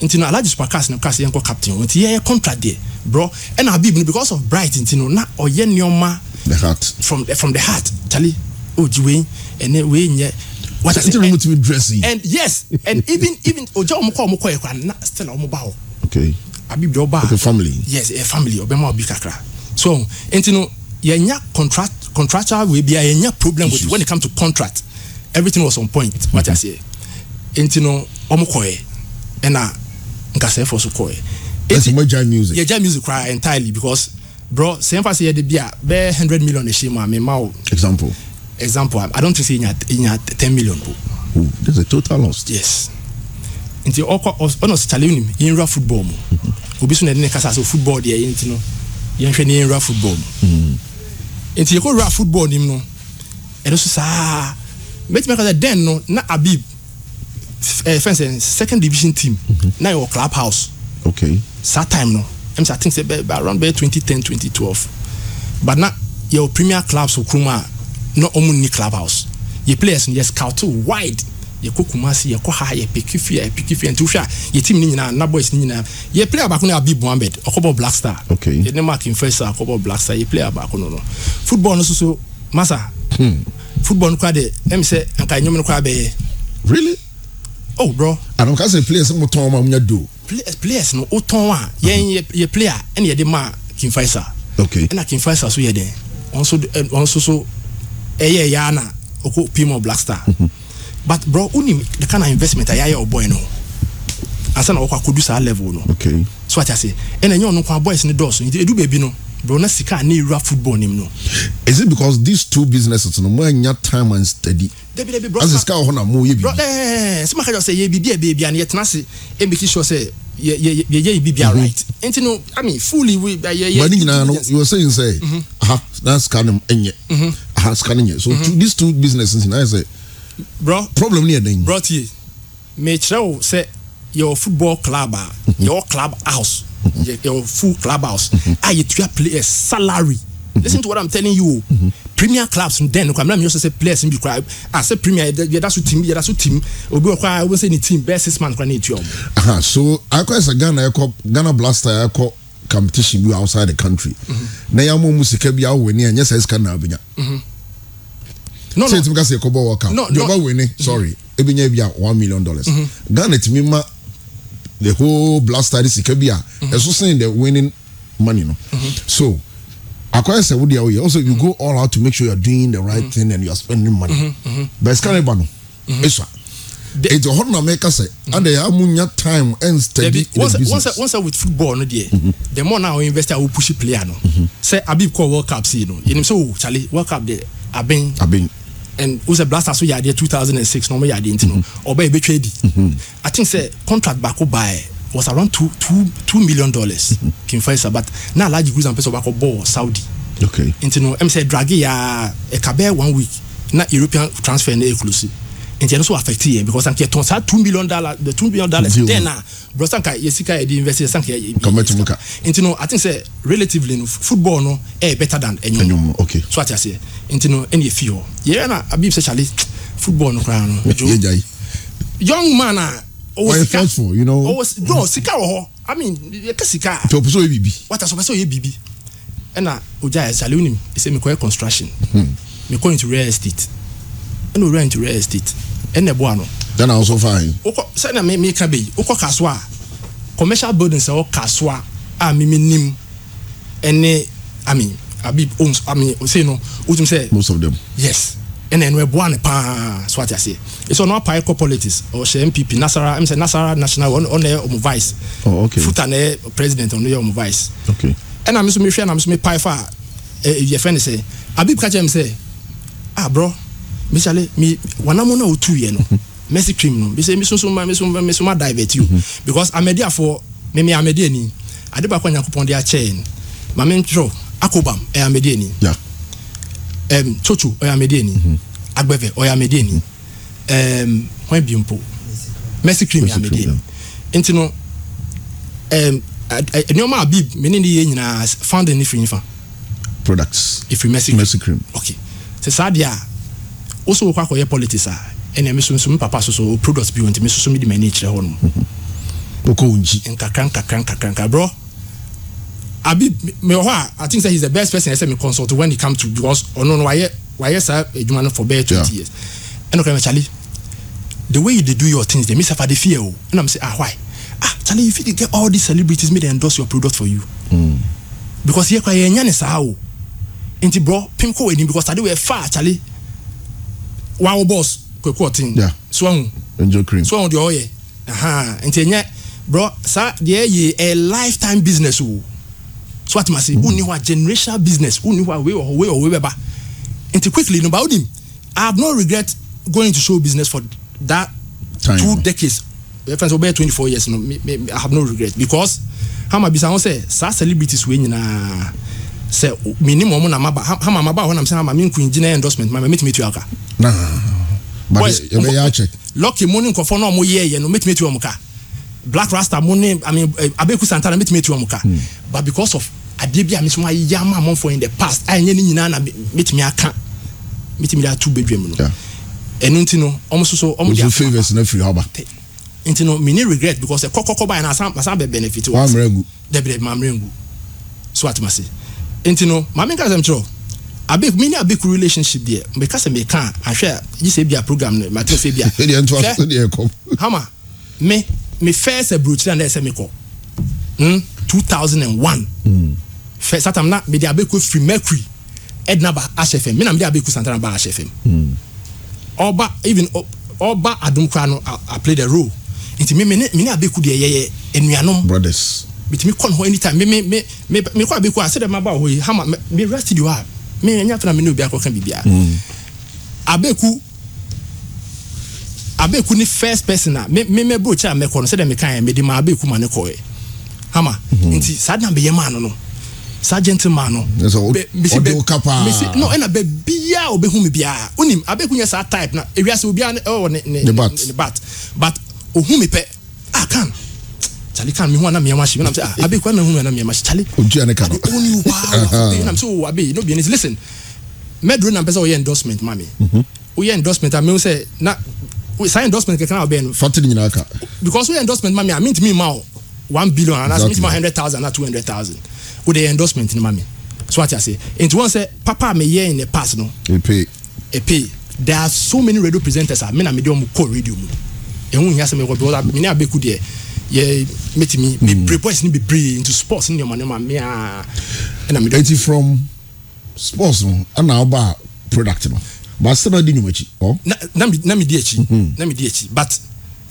nti no alhaji supercars ne cars yɛn kɔ captain nti yɛ yɛ contract deɛ bro ɛna abib no because of bright nti no na ɔyɛ nneɛma from eh, from the heart tali o ji wei ɛnɛ wei wata se ɛn mutumi dress yi. and yes and (laughs) even even ojá wọn kọ wọn kọ yẹ kọ ana still wọn bá wọ. okay abi bi ọba. okay family. yes ẹ eh, family ọbẹ ma ọbi kakra so nti no yẹn nya contract contractual way bi a yẹn nya problem Issues. with when it come to contract everything was on point mm-hmm. wata e, se nti no wọn kọ yẹ ɛna nkasɛfo so kɔ yɛ. ɛsɛ mo ja music. yɛ ja music kora entirely because bro sɛn fa se yɛ de bi a bɛɛ hundred million ɛhyɛ e mu a mi example example i don't think say inya ten million po. oh that's a total loss. yes nti ọkọ ọna ọsikyale nim yẹn nwura football mu mm-hmm. obi so na ẹni kasa so football deɛ yẹn ti no yẹn hwɛ ne yẹn nwura football mu mm-hmm. nti yẹ kọ nwura football nim no ɛno so saa mɛtumi kasa den no na abib ɛɛ fɛn sɛ second division team mm-hmm. na yɛ wɔ club house okay saa time no ɛmi sɛ i think sɛ around bɛ twenty ten twenty twelve but na yɛ wɔ premier clubs wɔ kurom a na ɔmo ni club house yɛ players no yɛ scout wide yɛkɔ kumasi yɛkɔ ha yɛ peki fia yɛ peki fia nti wohwɛ a yɛ team ne nyinaa na boys ne nyinaa yɛ player baako no yɛ abib ɔkɔbɔ black star okay yɛ ne mark infesa ɔkɔbɔ black star yɛ player baako no no football no soso masa hmm. football no kora de ɛm sɛ nka enyom no kora bɛyɛ. really. oh bro. àdùn ká players mo tọ́n ọmọ mi yẹn do. players no o tọ́n wa yẹn mhm. yẹ player ɛna yɛ de ma kinfaisa. okay ɛna kinfaisa so yɛ dɛ ɔn so ɔn so so ɛyɛ ɛyɛ ana ɔkɔ pimo black star mhm. but bro wonim the kind of investment a yɛayɛ ɔbɔe no ansa na wɔkɔ akɔdu saa level no okay. so ate ase ɛna ɛnyɛ ɔno nko a boys ne dɔɔso nti ɛdu baabi no bro na sika a ne ewura football nim no. is it because these two businesses no mo anya time and steady. dabi dabi bro asesika wɔ hɔ na mo yɛ bibi. bro ɛɛ sima kajɔ sɛ yɛ bibi yɛ beebi ani yɛ tena se e make sure sɛ yɛ yɛ yɛ yɛ bibi a mhm. right nti no i mean fully we yɛ eh, yɛ. mɛ ni nyinaa no you were saying say mhm. aha na sika nim ɛnyɛ has scanning yɛ so mm -hmm. these two businesses na yɛ sɛ. bro problem ni yɛ den. bro tie mekyerɛ wo sɛ yɛwɔ football club a ah, mm-hmm. yɛwɔ club house mm-hmm. yɛwɔ full club house mm-hmm. a ah, yɛtua play a salary. lis ten to what i'm telling you o premier clubs den kora mìíràn mi yóò sọ sẹ players mi bi kora ase premier yẹda so team yẹda so team obi wọ kora obi sẹ ni team bẹẹ six man kora na etu ọmọ. so akọ ẹsẹ ghana ẹkọ ghana blaster ẹkọ competition bi outside the country na yà á mọ mu sika bi awọ wẹ ni ẹ ẹ nyẹ sẹ ẹ sika na abẹ no no sèntì mi ka sè kọ́bọ̀ world cup no no yọba wẹni ebi nye bi a one million dollars mm-hmm. ghana ti mi ma the whole blaster de sika bi a ẹsọ sẹ́yìn the winning money no mm-hmm. so akwai sẹ wo di awo yẹ also you go all out to make sure you are doing the right mm-hmm. thing and you are spending money but sikari ba no esu a ètò ọ̀hún náà mẹ́ka sẹ̀ adé yà á mú nya time and steady in the business. wọ́n sẹ́ with football no deɛ the more na àwọn investor àwọn push player no sẹ́ abib kọ́ world cup sí i no yẹn ni sẹ́ o chale world cup de abẹ́n. abẹ́n and wosɛ blaster so yɛ adeɛ two thousand and six na ɔmo yɛ adeɛ nti no ɔbɛ yɛ bɛtwa edi i think sɛ contract baako baɛ was around two two two million dollars mm-hmm. kinfa esa but na alhaji guzan pɛ sɛ ɔbɛkɔ bɔɔ saudi okay nti no ɛm sɛ dragi ya ɛka bɛɛ one week na european transfer na ekulusi nti ɛno so affect yɛ because anka yɛtɔn saa two million dollars. the two million dollars then na uh, bros anka yɛ sika yɛ di invest yɛ sanka yɛ yɛ bi nti no i think sɛ relatively football no ɛyɛ eh, better than ɛnyɔmu okay so ati aseɛ nti no ɛna efi hɔ yɛrɛ na abib sɛ kyale football no koraa no ɛjo young man a ɔwɔ sika ɔwɔ no sika wɔ hɔ i mean yɛka sika a tɔpɔ sɛ ɔyɛ bibi wata sɔpɔ sɛ ɔyɛ bibi ɛna ɔgya yɛ kyale onim ɛsɛ mi kɔyɛ construction mi hmm. kɔ into real estate ɛna ɔwura into real estate ɛna ɛbɔ ano. dana ɔsɔ fain. okɔ sani mi mi ka bɛyi okɔ kasuwa commercial buildings ɛwɔ kasuwa a mi mi nim ɛne i mean abib ohun um, i mean say no wotum sɛ. most of them. yes And then we're born. paa so ati aseɛ ɛsɛ ɔno apa ɛkɔ politics ɔhyɛ MPP nasara I'm saying nasara national ɔno ɔno yɛ ɔmo vice. oh okay futa na yɛ president ɔno yɛ ɔmo vice. okay And I'm nso mi hwɛ na mi nso mi paa fa ɛ yɛ fɛn ne sɛ abib kakyɛ mi ah bro misale mi wanamu na o tu yɛ no mercy cream no bisi mi sunsun ma mi sunsun ma sunsun divert you mm-hmm. because I'm amadiafo mi mi amadiani adebaako nyankopɔn de akyɛ yɛn maame ntwerɛ akobam ɛyɛ amedieni ɛm um, tsotso ɔyɛ amedieni mm-hmm. agbɛvɛ ɔyɛ amedieni ɛm mm-hmm. um, hɔn bi mpo mercy cream yɛ amedieni nti no ɛm nneɛma abib mene ne yɛ nyinaa found ne nifa. products ifi mercy cream mercy cream okay sɛ saa deɛ a wosɔ wɔkɔ akɔyɛ politics a ɛna mi soso mi papa soso o products bi wɔn ti mi soso mi di mɛ ne kyerɛ hɔ nom. Mm-hmm. okòwò nji. nkakra nkakra nkakra nkakra bro abi mi wɔ hɔ a i think say he is the best person I ɛsɛ me consult when he come to because ɔno oh, no wayɛ wayɛ sa edwuma no for bare twenty years ɛna ɔkara mi chale the way you dey do your things dey make safa dey fear o oh. ɛna mi say ah why ah chale you fit get all these celebrities make they endorse your product for you mm. because yɛ kora yɛ nya ne saa o oh. nti bro pimko wɛ ni because tade wɛ fa chale wa wo boss kweku ɔtin so um, ahun so ahun deɛ ɔyɛ nti ɛnyɛ bro sa deɛ ɛyɛ a lifetime business o so ati ma se wunni hɔ a generational business Who hɔ a wei or hɔ or wɔ hɔ wei ba nti quickly no ba o i have no regret going into show business for that Time. two decades reference o bɛ twenty four years no me me i have no regret because hama bisa wɔn sɛ saa celebrities wei nyinaa uh, sɛ mi ni mɔmu na ma ba hama ma ba hɔ na mi sɛ hama mi nkun engineer endorsement ma mi tumi tu aka. naa boys yɛbɛ yɛ akyɛ. lucky mu ni nkɔfɔ náà mo yɛ yɛ no mi tumi tu wɔn ka black rasta mu ni i mean eh, abeku santana mi tumi tu wɔn ka but because of adeɛ bi a mesoma ayɛ ama amanfoɔ in the past a ɛnyɛ ne nyinaa na mɛtumi aka mɛtumi de ato badwam no ɛno nti no ɔmo soso ɔmo de afa favours na firi haba nti no mi ni regret because ɛkɔ kɔkɔ baa na asan bɛ benefit wa mmerɛ gu dɛbi dɛbi maa mmerɛ gu so atuma se nti no maame nka sɛm kyerɛ abeg mi ni abeg relationship deɛ mbɛ kasa mbɛ kan ahwɛ yi bia program no ma ti sɛ bia fɛ hama mi mi fɛɛsɛ burokyerɛ na ɛsɛ mi kɔ two thousand and one. Hmm fɛ satam na mede abɛkɔ firi mercury ɛdina ba ahyɛ fam mena mede abɛkɔ santana ba ahyɛ fam hmm. ɔba even ɔba adum kora no a play the role nti me me ne abɛkɔ deɛ yɛyɛ enuanom brothers bitumi kɔ ne hɔ anytime me me me me me kɔ abɛkɔ a sɛdeɛ maba hɔ yi hama me wura studio a me nyɛ afɛn a me ne obi akɔka biribiara hmm. abɛkɔ abeku ni first person a me me me bro kye a mɛkɔ no sɛdeɛ mekan yɛ mede ma abeku ma ne kɔɛ hama hmm. nti saa na meyɛ maa no no saa gentleman no mesi bɛ mesi no ɛna bɛ bia obɛhu mi bia onim abɛhu yɛ saa type na ewia sɛ obia ɛwɔ oh, ne ne ne bat but ohun mi pɛ a ah, kan chale kan mi hu ana miama si abe kwan na ah, hu mi ana miama si chale ojú ɛni kan no abe oni waa (laughs) ɛnam sɛ o oh, abe no bi ɛni listen mɛduro na o oyɛ oh, endorsement maami mm-hmm. oyɛ endorsement a ah, mehu sɛ na saa endorsement kankan a ɔbɛn no fatini nyinaa ka because oyɛ endorsement maami a mi ntumi ma o one billion and that's mean my hundred thousand and two hundred thousand wo de endorsement ni ma mi so ati ase nti wọn sɛ papa mi yɛ in the past no. epe epe there are so many radio presenters a ah, mi na mi de ɔmu kɔ radio mu ehun yi asɛm ɛkɔ because mi ni abeku deɛ yɛ metimi bebree boys ni bebree into sports ni nneɛma nneɛma mi aa ah, ɛna mi de. eti from sports no ɛna ɔba product no but asɛm na ɔdi nnwuma akyi ɔ. na na mi di akyi na mi di akyi but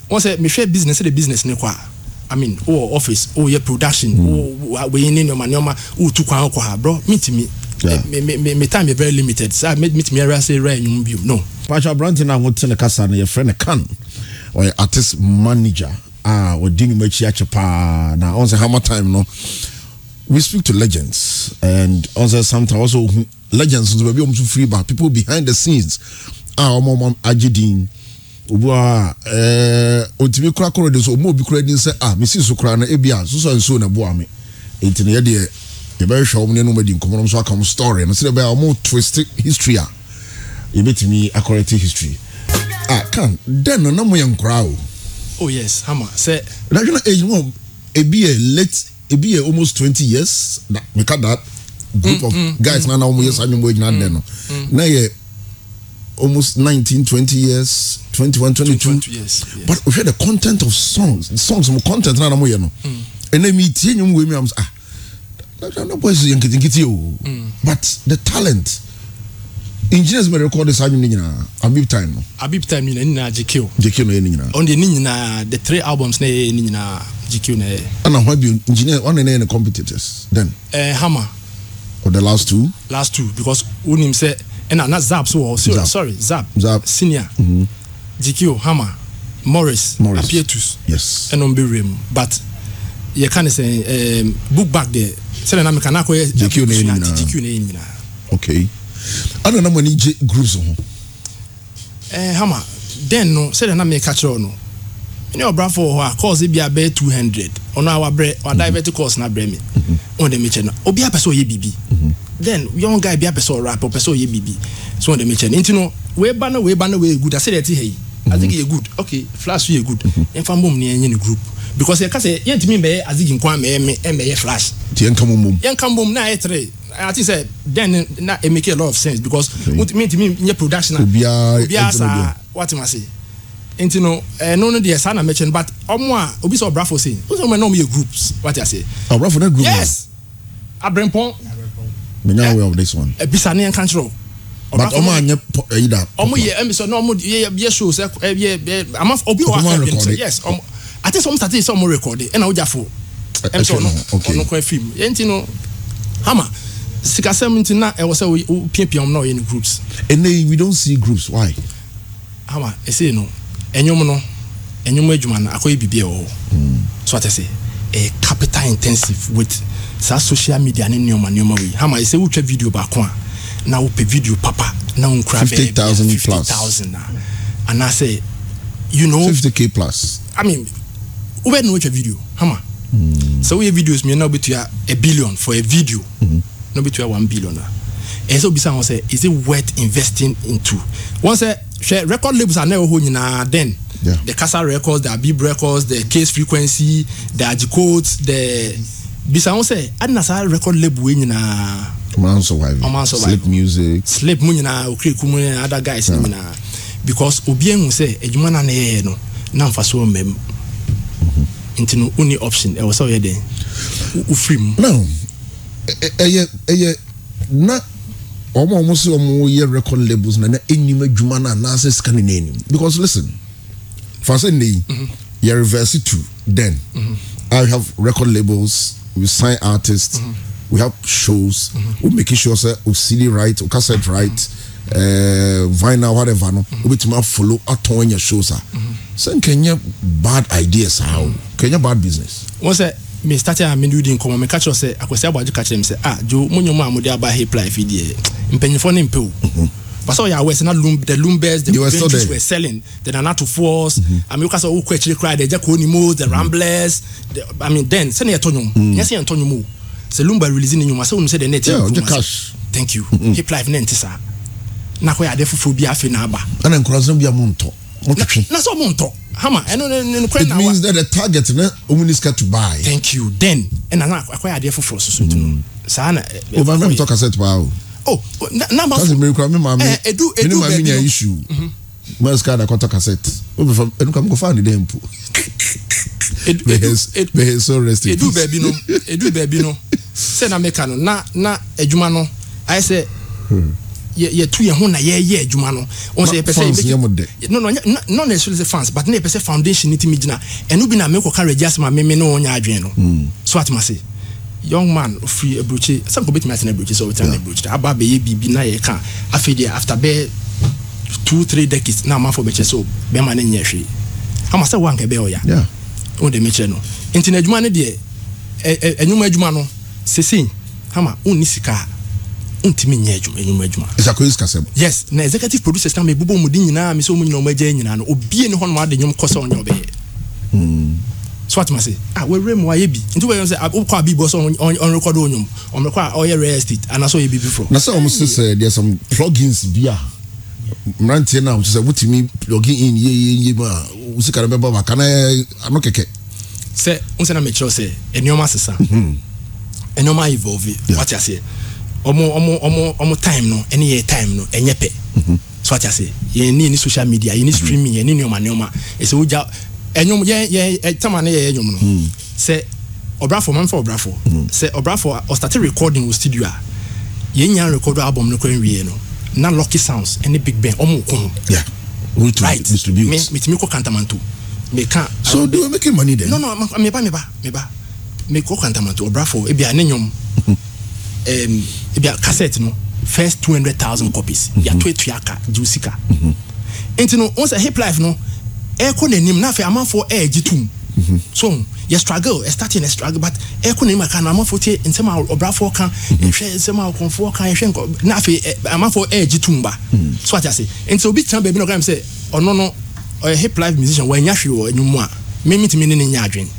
wọn sɛ mi hwɛ business ɛ de business ni kɔ a i mean oh office oh woyɛ production wɔyi ne nneɛma nneɛma wotu kwan kɔ ha bro Meet me Me me me time yɛ very limited saa metumi ɛra sɛ ɛra ɛnwom bio no patwa aberante no a wote ne kasa no yɛfrɛ no kan ɔyɛ artist manager a ɔdi nnwuma akyi akye paa na ɔn sɛ hammer time no we speak to legends and ɔn sɛ sometimes also legends nso baabi a wɔn nso firi ba people behind the scenes a wɔn agye din obua ɛɛ eh, otumi kura koro de so omo obi kura ni sɛ a ah, misi so kura na ebi a soso nsuo na bu ame eti na yɛ deɛ yɛbɛhwɛ wɔn ne nom adi nkɔmɔ nom aka wɔn story no sɛ ɛbɛyɛ wɔn twist history a yɛbɛtumi akɔrɛte history a ah, kan den na mo yɛ nkora o. oh yes hama sɛ. dadwe na eyi eh, mo ebi yɛ late ebi yɛ almost twenty years na meka that group mm, of mm, guys mm, na na wɔn yɛ saa nyɔmɔ gyina mm, den no mm. na yɛ almost nineteen twenty years. 21 22 yes, yes. but we hear the content of songs the songs mo content na na mo yɛ no ɛnna hmm. mi tie nyom wei mi am ah na boys yɛ nkitinkiti o hmm. but the talent engineers may record saa nyom ne nyinaa abib time no abib time nyinaa nyinaa jk o jk na yɛ ne On the ne nyinaa the three albums na yɛ ne nyinaa jk na yɛ ɛnna ah, hɔn bi engineer ɔn na yɛ the competitors then ɛɛ eh, hammer or the last two last two because wonim sɛ ɛnna eh, na zap so wɔ sorry zap zap senior. Mm -hmm gko hammer morris, morris. apietus ɛnna ɔmo bɛ but yɛ ka ne sɛ um, book bag deɛ sɛdeɛ na meka n'akɔ yɛ gko ne yɛ nyinaa gko ne yɛ nyinaa. okay ana na mo ani gye groups ho. ɛɛ hammer den no sɛdeɛ na meka kyerɛ no ne ɔbrafo wɔ hɔ a course bi abɛɛ two hundred ɔno a wabrɛ wadivert mhm. course na brɛ mi ɔn mhm. de mi kyɛ no obi apɛ sɛ ɔyɛ bibi then young guy bi apɛ sɛ ɔrap ɔpɛ sɛ ɔyɛ bibi so ɔn de mi kyɛ no nti no weba na weba na weyɛ good ase deɛ ɛte ha yi azigi yɛ good okay flash yɛ good mm-hmm. nfa mbom ni ɛnyɛ ni group because yɛ kasa yɛn ti mi bɛyɛ azigi nkwan mɛ ɛmɛ ɛmɛ yɛ flash. ti yɛn ka mo mom. yɛn ka mo mom n'a yɛ tere ati sɛ den na e make a lot of sense because mi ti mi n yɛ production na obiara obiara saa ma se nti no ɛno no deɛ saa na mɛkyɛ no but ɔmo a obi sɛ ɔbrafo se o sɛ ɔmo na ɔmo yɛ groups wati ase. ɔbrafo oh, na group yes abirempɔn. mɛ n yà wɛ of this one. ebisa eh, ne yɛn kan kyerɛ o but ọmọ anyẹ pọ ẹyi eh, da. ọmọ yẹ ẹmi sọ náà ọmọ yẹ yẹ shows ẹ yẹ yẹ àmọ obi wà á kẹ sọ yes ọmọ àti sọmọ sàtẹ sọ ọmọ rẹkọọdẹ ẹ na ọjà fo eh, ẹmi sọ ọnà kọ ẹ fíìmù yẹn ti no hama sikasẹm ti na ẹ wọ sẹ o piapia ọmọ náà yẹ ni groups. eneyi we don see groups why. hama ese no ẹnyọm no ẹnyọm adwuma no akọ yẹ bibi ẹ wọ hɔ hmm. so àtẹ sẹ ẹ capital intensive with saa social media ne nneɛma nneɛma wei hama ẹ sẹ wotwa video baako a na wopɛ video papa na wonkura bɛɛ 50000 a anaasɛ you know 50k plus i mean wobɛ na wotwa video hama mm. sɛ woyɛ videos mmiɛ na wobɛtua a billion for a video mm -hmm. na wobɛtua 1 billion a ɛsɛ so obisa ho sɛ is it worth investing into wɔn sɛ hwɛ record labels a na ɛwɔ hɔ nyinaa then yeah. the casa records the abib records the case frequency the agicodes the bisa ho sɛ adena saa record label yi nyinaa ọmọ survive ọmọ survive sleep music sleep mu nyinaa okiriku mu nyinaa other guys yeah. nyinaa because obi ehun sɛ adwuma na ne yɛyɛ no na nfa so mɛm mm-hmm. nti no only option ɛwɔ sɛ ɔyɛ den ofiri mu. now ɛyɛ ɛyɛ na wɔn a wɔn sɛ wɔn yɛ record labels na na enyim adwuma na anaasɛ sika ne n'anim because listen fasa nne yi mm-hmm. yɛ reverse to then mm -hmm. i have record labels we sign artists. Mm -hmm we have shows mm-hmm. we make sure say o cd right We cassette mm-hmm. right mm-hmm. uh, vinyl whatever no mm-hmm. we betuma follow atɔn yɛ shows So sɛ nkɛnyɛ bad ideas ha o nkɛnyɛ bad business. wọ́n sẹ́ mi start a mi di nkɔmɔ mi kakyɛ sɛ akwasi abuadu kakyɛ mi sɛ ah jo mo nyɛ mu a mo de aba he ply fi deɛ mpanyinfoɔ ne mpew. Mm-hmm pasa ɔyɛ awɛ sɛna lum the lumbers the benches were selling mm-hmm. the nanatofours ami okasa okɔ akyire kora the jack onimos the ramblers the i mean then sɛni yɛ tɔ nwom nyɛ sɛ yɛ tɔ nwom o sɛ lumba release ne nnwuma sɛ wonu sɛ deɛ ne thank you mm-hmm. hip life ne nte saa na kɔ yɛ ade foforɔ bi afei na aba ɛna nkurɔsɛm bi mo ntɔ motwetwe na sɛ ɔmo ntɔ hama ɛno ne nokorɛ na it means that the target na ɔmo ni sika to buy thank you then ɛna na akɔ yɛ adeɛ foforɔ soso nti no mm. saa na ɔba mɛ mutɔ cassette paa o oh, oh namba fo kasi mmiri kura mi maa mi eh, edu edu baabi no maa issue maa mm-hmm. sika na kɔtɔ cassette o bɛ fam ɛnu kan mo kɔ fa ni dɛ mpo. (laughs) edu baabi no edu baabi no sɛ na meka no na na adwuma no ayɛ sɛ hmm. yɛtu yɛn ho na yɛyɛ adwuma no wọn sɛ yɛpɛ sɛ yɛbɛkyi no no not necessarily sɛ fans but ne yɛpɛ sɛ foundation ne ti mi gyina ɛnu bi na mekɔ ka regya asɛm a meme ne wɔn nyɛ adwene no hmm. so atoma se young man firi aburokyi sɛ nkɔ bɛtumi atena aburokyi sɛ ɔbɛtena aburokyi aba abɛyɛ biribi na yɛ ka afei deɛ after bɛɛ two three decades na amanfo bɛkyɛ so bɛrima ne nyɛ hwee ama sɛ wɔn anka bɛyɛ ɔya wọn de mi kyerɛ no nti na adwuma no deɛ ɛ ɛ ɛnwuma adwuma no sese ama wọn ni sika ntumi nyɛ adwuma enyuma adwuma. ezakoye sikasɛm. yes na executive producers na mi bubɔ mu di nyinaa mi sɛ wɔn nyinaa wɔn agya nyinaa no obie ni hɔ nom adi nyom kɔsɛ ɔnyɛ ɔbɛyɛ. Hmm. so atuma se ah wɔwura mu ayɛ bi nti wɔyɛ sɛ ɔkɔ abi bɔ sɛ ɔnrekɔdo onyom ɔmrekɔ a ɔyɛ real estate anaasɛ ɔyɛ bibi fɔ. na sɛ wɔn sɛ sɛ deɛ sɛ plugins bi a mmeranteɛ no a wosɛ wotumi plug in yeyeye mu a wo sika no bɛba baka na ano kɛkɛ sɛ wosɛ na mekyerɛw sɛ nneɔma sesa hmm. nneɔma evolve wate aseɛ ɔmo ɔmo ɔmo ɔmo time no ɛne yɛ time no ɛnyɛ pɛ mhm. so wate aseɛ yɛn ni social media yɛn mhm. streaming yɛn ni nneɔma nneɔma ɛsɛ wogya ɛnwom yɛ yɛ ɛtama ne yɛ yɛ ɛnwom no hmm. sɛ ɔbrafo mamfa ɔbrafo hmm. sɛ ɔbrafo ɔstate recording wɔ studio a yɛn nyinaa record album no kɔ nwie no na lucky sounds ɛne big ben ɔmo ko ho. yeah route right. distribute right me me kɔ kantamanto me kan. so they were making money then. no no me ba me ba me ba me kɔ kantamanto ɔbrafo ebi a ne nyɔm (laughs) ebi a cassette no first two hundred thousand copies mm-hmm. yato etua ka juicy ka mm-hmm. nti no once a hip life no ɛkɔ n'anim n'afɛ amanfo ɛɛgye tum mm-hmm. so yɛ struggle ɛ starting yɛ struggle but ɛkɔ n'anim aka na amanfoɔ tie nsɛm a ɔbrafoɔ ka ɛhwɛ nsɛm a ɔkɔnfoɔ ka ɛhwɛ nkɔ na afei ɛ amanfoɔ ɛɛgye tum ba so ati ase nti obi tena baabi na ɔka mi sɛ ɔno no ɔyɛ hip life musician wɔn anya hwee wɔ enyim a mímí tìmí ne ne nya adwene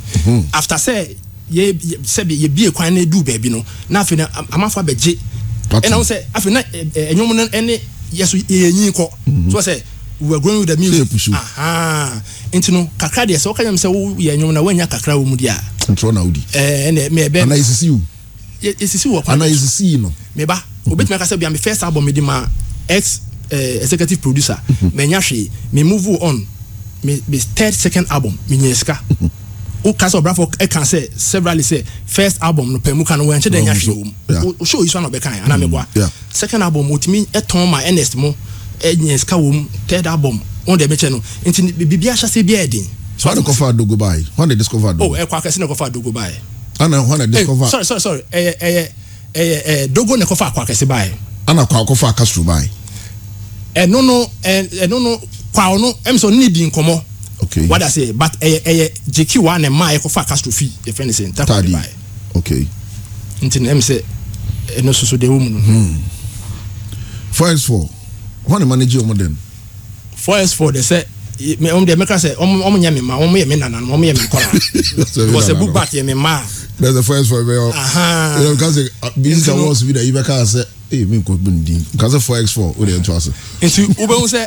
after sɛ yɛ sɛbi yɛ bie kwan na edu baabi no na afei na amanfoɔ abɛgye ɛna wɔn sɛ afei na ɛnyɔm no ɛne yɛ so yɛ enyin kɔ so sɛ we were growing with the music aha nti no kakra deɛ sɛ woka nyam sɛ woyɛ nwom na woanya kakra wɔ mu deɛ a ntorɔ na wodi eh, ɛnɛ mɛbɛ ana ɛsisi wo ɛsisi wɔ ana ɛsisi no meba obetumi aka sɛ bia me first album de ma ex eh, executive producer mhm. mɛnya hwee me move on me me third second album menya sika mhm. woka sɛ ɔbrafo ɛka e sɛ severally sɛ first album no pɛmu ka no wɔnkyɛ dɛ nya hwee wɔ mu wohyɛ oyi so ana ɔbɛkan anaa meboa mm, second album wotumi ɛtɔn e ma ernest mu ɛnyɛ sika wɔm third album wɔn deɛ mɛkyɛ no nti biribi ahyɛ se biara ɛdin. so wọn de kɔfa adogo baa yi wọn discover adogo. o ɛkɔ akɛse na kɔfa adogo baa yi. ana wọn de discover. sorry sorry sorry ɛyɛ ɛyɛ ɛyɛ ɛyɛ dogo ah, na kɔfa akɔ akɛse baa yi. ana kɔ akɔfa akasoro baa yi. Eh, ɛno no ɛno no kwaw eh, eh, no ɛmu sɛ ɔne bi nkɔmɔ. okay wada se but ɛyɛ ɛyɛ jeki wa na maa yɛ kɔfa akasoro fi efɛn ne se nta kɔ de baa yi. okay. nti na ɛmu sɛ ɛno soso de wɔmu no. Hmm. first of wọn ni manage ọmọ dẹm. four x four de sẹ ọmọ de mẹka sẹ ọmọ yẹ mi ma ọmọ yẹ mi nana ọmọ yẹ mi kọla bọsẹ bubat yẹ mi ma. bẹsẹ four x four bẹ yọ ẹ n kasi bíi sisan wọn sibi da yìí bẹ ká sẹ ee mi nkọ gbẹ ndin n kasi four x four o de yẹ n to ase. nti o bẹ n sẹ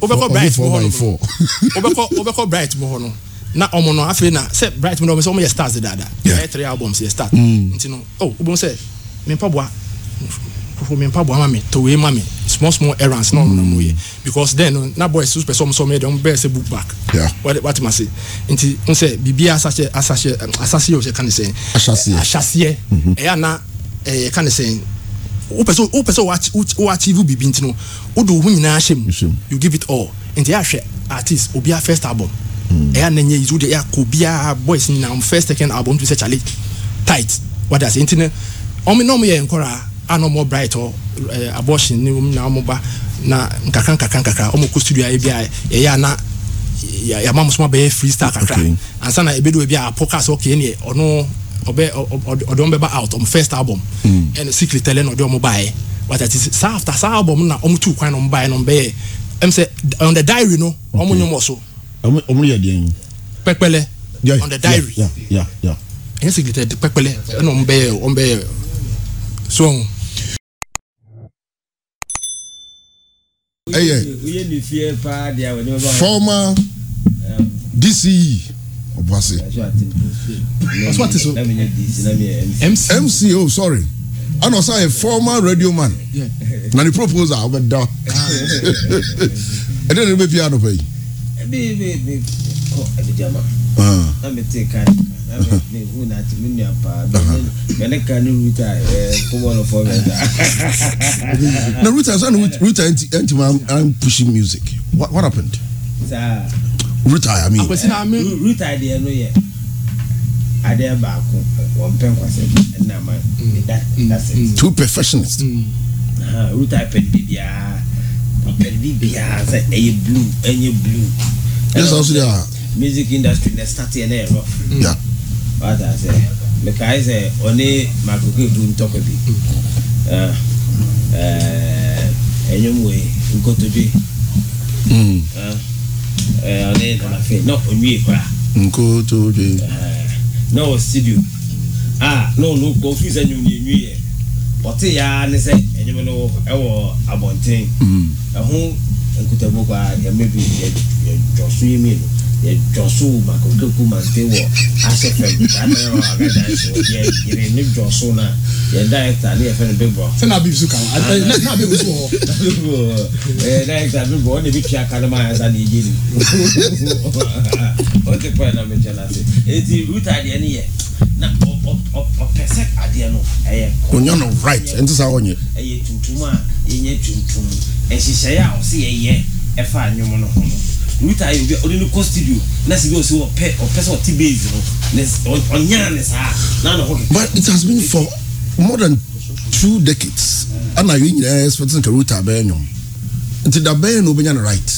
o bẹ kọ bright mọ hɔ no o bɛ kɔ o bɛ kɔ bright mɔ hɔ no na ɔmo no afei na sɛ bright mu na ɔmo sɛ ɔmo yɛ stars dada ɛyɛ three albums yɛ stars mm. nti no oh, o o bɛ n sɛ mi hɔ mi mpaboa ma mi towe ma mi small small errands náà ɔmo mu yɛ because then uh, na boy so pɛ sɛ ɔmo sɔ mi yɛ dɛ ɔmo bɛyɛ sɛ book back wati ma um, se nti n sɛ bibi asaseɛ asaseɛ asaseɛ o sɛ kan sɛ asaseɛ ɛyɛ ana ɛyɛ kan sɛ o pɛ sɛ o pɛ sɛ o achieve bibi nti o do o ho nyinaa hyɛ mu you give it all nti yɛ ahwɛ artist obi a first album ɛyɛ mm. na nye yizu de ɛyɛ ko bia boys nyinaa um, first second album to sɛ chale tight wadi ase nti ne ɔmo na ɔmo yɛ nkɔraa. anọ mọ bright ọ eh, abortion ni mu na ọmụ ba na nkaka nkaka nkaka ọmụ kọ studio ayị ya yɛyɛ ya na yàmà mùsùlùmá bɛyɛ free star kakra ansa na ebi do ebi a podcast ɔkè ni ɔno ɔbɛ ɔdɔm bɛ ba out ɔmo first album ɛna hmm. secret tɛlɛ na ɔdɛ ɔmo ba yɛ wata ti saa after saa album na ɔmo tu kwan na ɔmo ba yɛ na ɔmo bɛ ɛm sɛ on the diary no ɔmo ɔmo ɔmo yɛ yi. pɛpɛlɛ on the diary. tɛ pɛpɛlɛ ɛna ɔmo ɔmo so ɔn. ɛyɛ former dce ɔbuase ɔsùwàtí so mc mc oh sorry ana ɔsan yɛ former radio man na ne proposal ɔbɛ da ɛdɛ ne bɛ pia anɔpɛ yi. ɛbi bi bi kɔ ɛbi di ama hu (laughs) na ti mi ruta pobɔlɔfɔ bɛta na ruta sɛ ne ruta ɛnti ma am pushing music what, what happened ruta i mean ruta deɛ no yɛ adeɛ baako wɔmpɛ nkwasɛ ɛnama dasɛ two perfectionist mm. uh-huh. ruta pɛn bibiaa pɛn bibiaa sɛ ɛyɛ blue ɛnyɛ blue yes also yeah music industry na start yɛ na yɛ rough yeah wata sɛ mekae sɛ ɔne makrokɛdu ntɔkwa bi ɛnwom wei nkotodwe ɔne nanafe na ɔnwie koraa nkotodwe na ɔ studio a na ɔno kɔ ɔfiri sɛ nwom ne ɛnwieɛ ɔte ya ne sɛ ɛnwom no ɛwɔ abɔnten ɛho nkutabu koraa yɛmɛ bi yɛdwɔ so yɛ mmienu yɛdwɔso baako keku mante wɔ asefɛm anaa wɔ abɛdansi wɔ yɛ yɛrɛ ne dwɔso na yɛ director ne yɛfɛ no big boy. sani abibu so kan n'abibu so wɔ. ɛɛ director big boy ɔna ebi tia kanama ayasa na ebi ni ɔte kɔ ɛna mi kyɛn ase eti ruta adeɛ ni yɛ na ɔpɛ sɛ adeɛ no ɛyɛ kɔ. onyo no right ɛn ti sa ɔnyɛ. ɛyɛ tuntum a yɛnyɛ tuntum ɛhyehyɛ yɛ a ɔsi yɛ yɛ ɛfa anwom no ho no ruta yi obi ɔde no kɔ studio bi ɔsi ɔpɛ ɔpɛ sɛ ɔte base no ɔnyaa ne saa na na ɔkɔ. but it has been for more than two decades ɛna yɛn nyinaa expect nka ruta bɛyɛ nyɔm nti da bɛyɛ na obɛnya no right.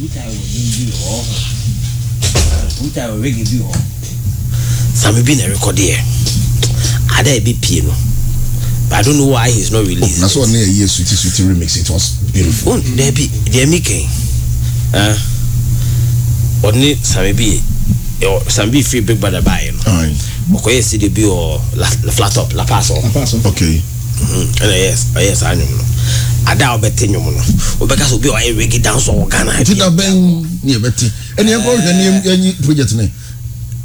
ruta yɛ wɔ bi wɔ ruta yɛ wɔ reggae bi wɔ. sami bi na rekɔdi yɛ ada yɛ bi pie no. I don't know why he's not released. Oh, that's why I a year sweetie sweetie remix. It was beautiful. Oh, there be there me king. Uh, ɔne samibi samibi eh, fi big brother baayɛ no ɔkɔyɛ sidi bi wɔ flatop lapas hɔ ɛna ɛyɛ saa nwom no ada a ɔbɛte nwom no ɔbɛka sɛ obi a ɔyɛ eh, regi dance wɔ ghana nti da bɛn ne yɛbɛte ɛne yɛnkɔ hwɛ ne yɛnyi project ne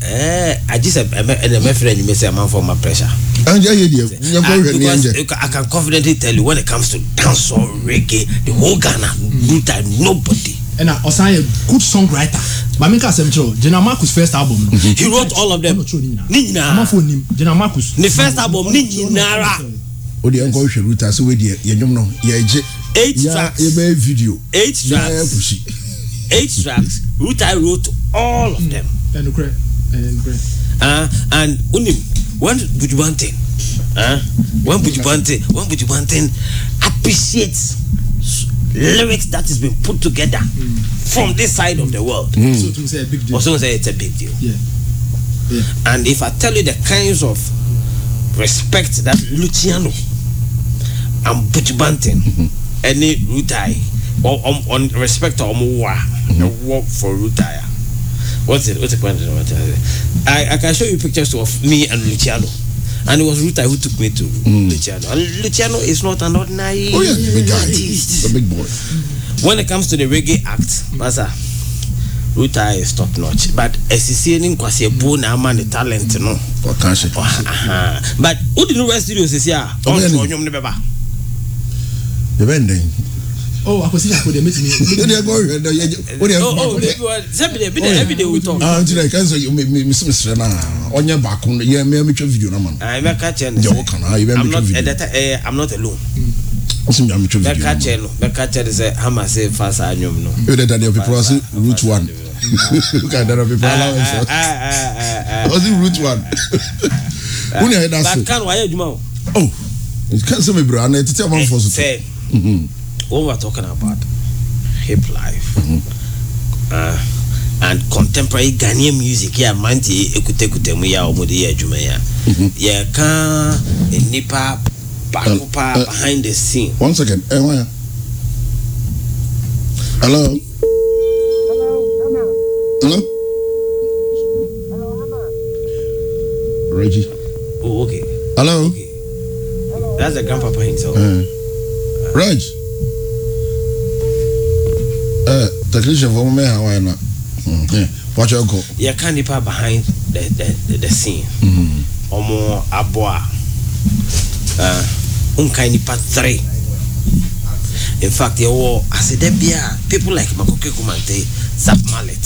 ɛɛ agye sɛ ɛnɛ mɛfrɛ anwuma sɛ amanfo ma pressure Anja ye deɛ nyɛkɔ hwɛ ne yɛnjɛ. I can confidently tell you when it comes to dance or reggae the whole Ghana do that nobody. Ɛna ɔsan yɛ good songwriter maame ka asɛm kyerɛ general marcus first album no. he wrote all of hmm. them ne nyinaa amafo nim general marcus. ne first album ne nyinara. o de ɛ nkɔ hwɛ ruta sɛ wei deɛ yɛ nwom no yɛ gye. eight tracks yɛ bɛyɛ video. eight tracks yɛ kusi. eight tracks ruta wrote all of them. ɛnukurɛ ɛnukurɛ. ah and unim one bujubanten ah uh, one bujubanten one bujubanten appreciates lyrics that has been put together mm. from this side of the world. Mm. So say it's a big deal. Yeah. yeah. And if I tell you the kinds of respect that Luciano and Butch Banton, mm-hmm. any Rutai, or um, on respect or Muwa, mm-hmm. the work for Rutai. What's it? What's the point? I, I can show you pictures of me and Luciano and it was Ruta who took me to mm. Luciano. And Luciano is not an ordinary oh, yeah, big guy. artist. A big boy. Mm-hmm. When it comes to the reggae act, baza, Ruta is top notch. But SCC ni kwasi ebo na man ni talent no. Potential. Oh, But who did you rest studios this year? Oh, yeah. Onyom Depending oh akwesi akwede meti mi. o de ko yɛ dɛ yɛ o de ko baako de. sɛbi de bi de ɛbi de o tɔ. aa n tira i baako yɛ mɛ mi twɛ video na ma. aa i bɛ ka cɛ nin sɛ kana i bɛ mi twɛ video. ɛdata ɛɛ i'm not alone. o si mi am twɛ video. bɛ ka cɛ no bɛ ka cɛ de sɛ hama se fa sa anyom no. e de da de people ase route one. ka da de people ala wɛ sɔ. ɔsi route one. o ni a yɛ da se. bakan wa a yɛ juma o. oh kan mi bira ana tete a ma fɔ so. sɛ. What we're talking about hip life mm-hmm. uh, and contemporary Ghanaian music yɛ mmeranteɛ ekutekute mu yɛ a wɔde yɛ adwuma ya. yɛ mm-hmm. ka e nipa baako paa uh, uh, behind the scene. Once again, eh, wọ́n yà hello. hello. hello? Reggie. Oh, okay. Hello. Okay. That's the grandpapa himself. Uh, uh, Reg ɛ technician fɔ mo mɛ hawa yẹn na wɔtɔ ɛkɔ. yɛ ka nipa behind the the the, the scene. ɔmo mm-hmm. abɔ a ɛɛ eh, nka nipa three in fact you yɛwɔ aseda bia people like makoke kumante zap mallet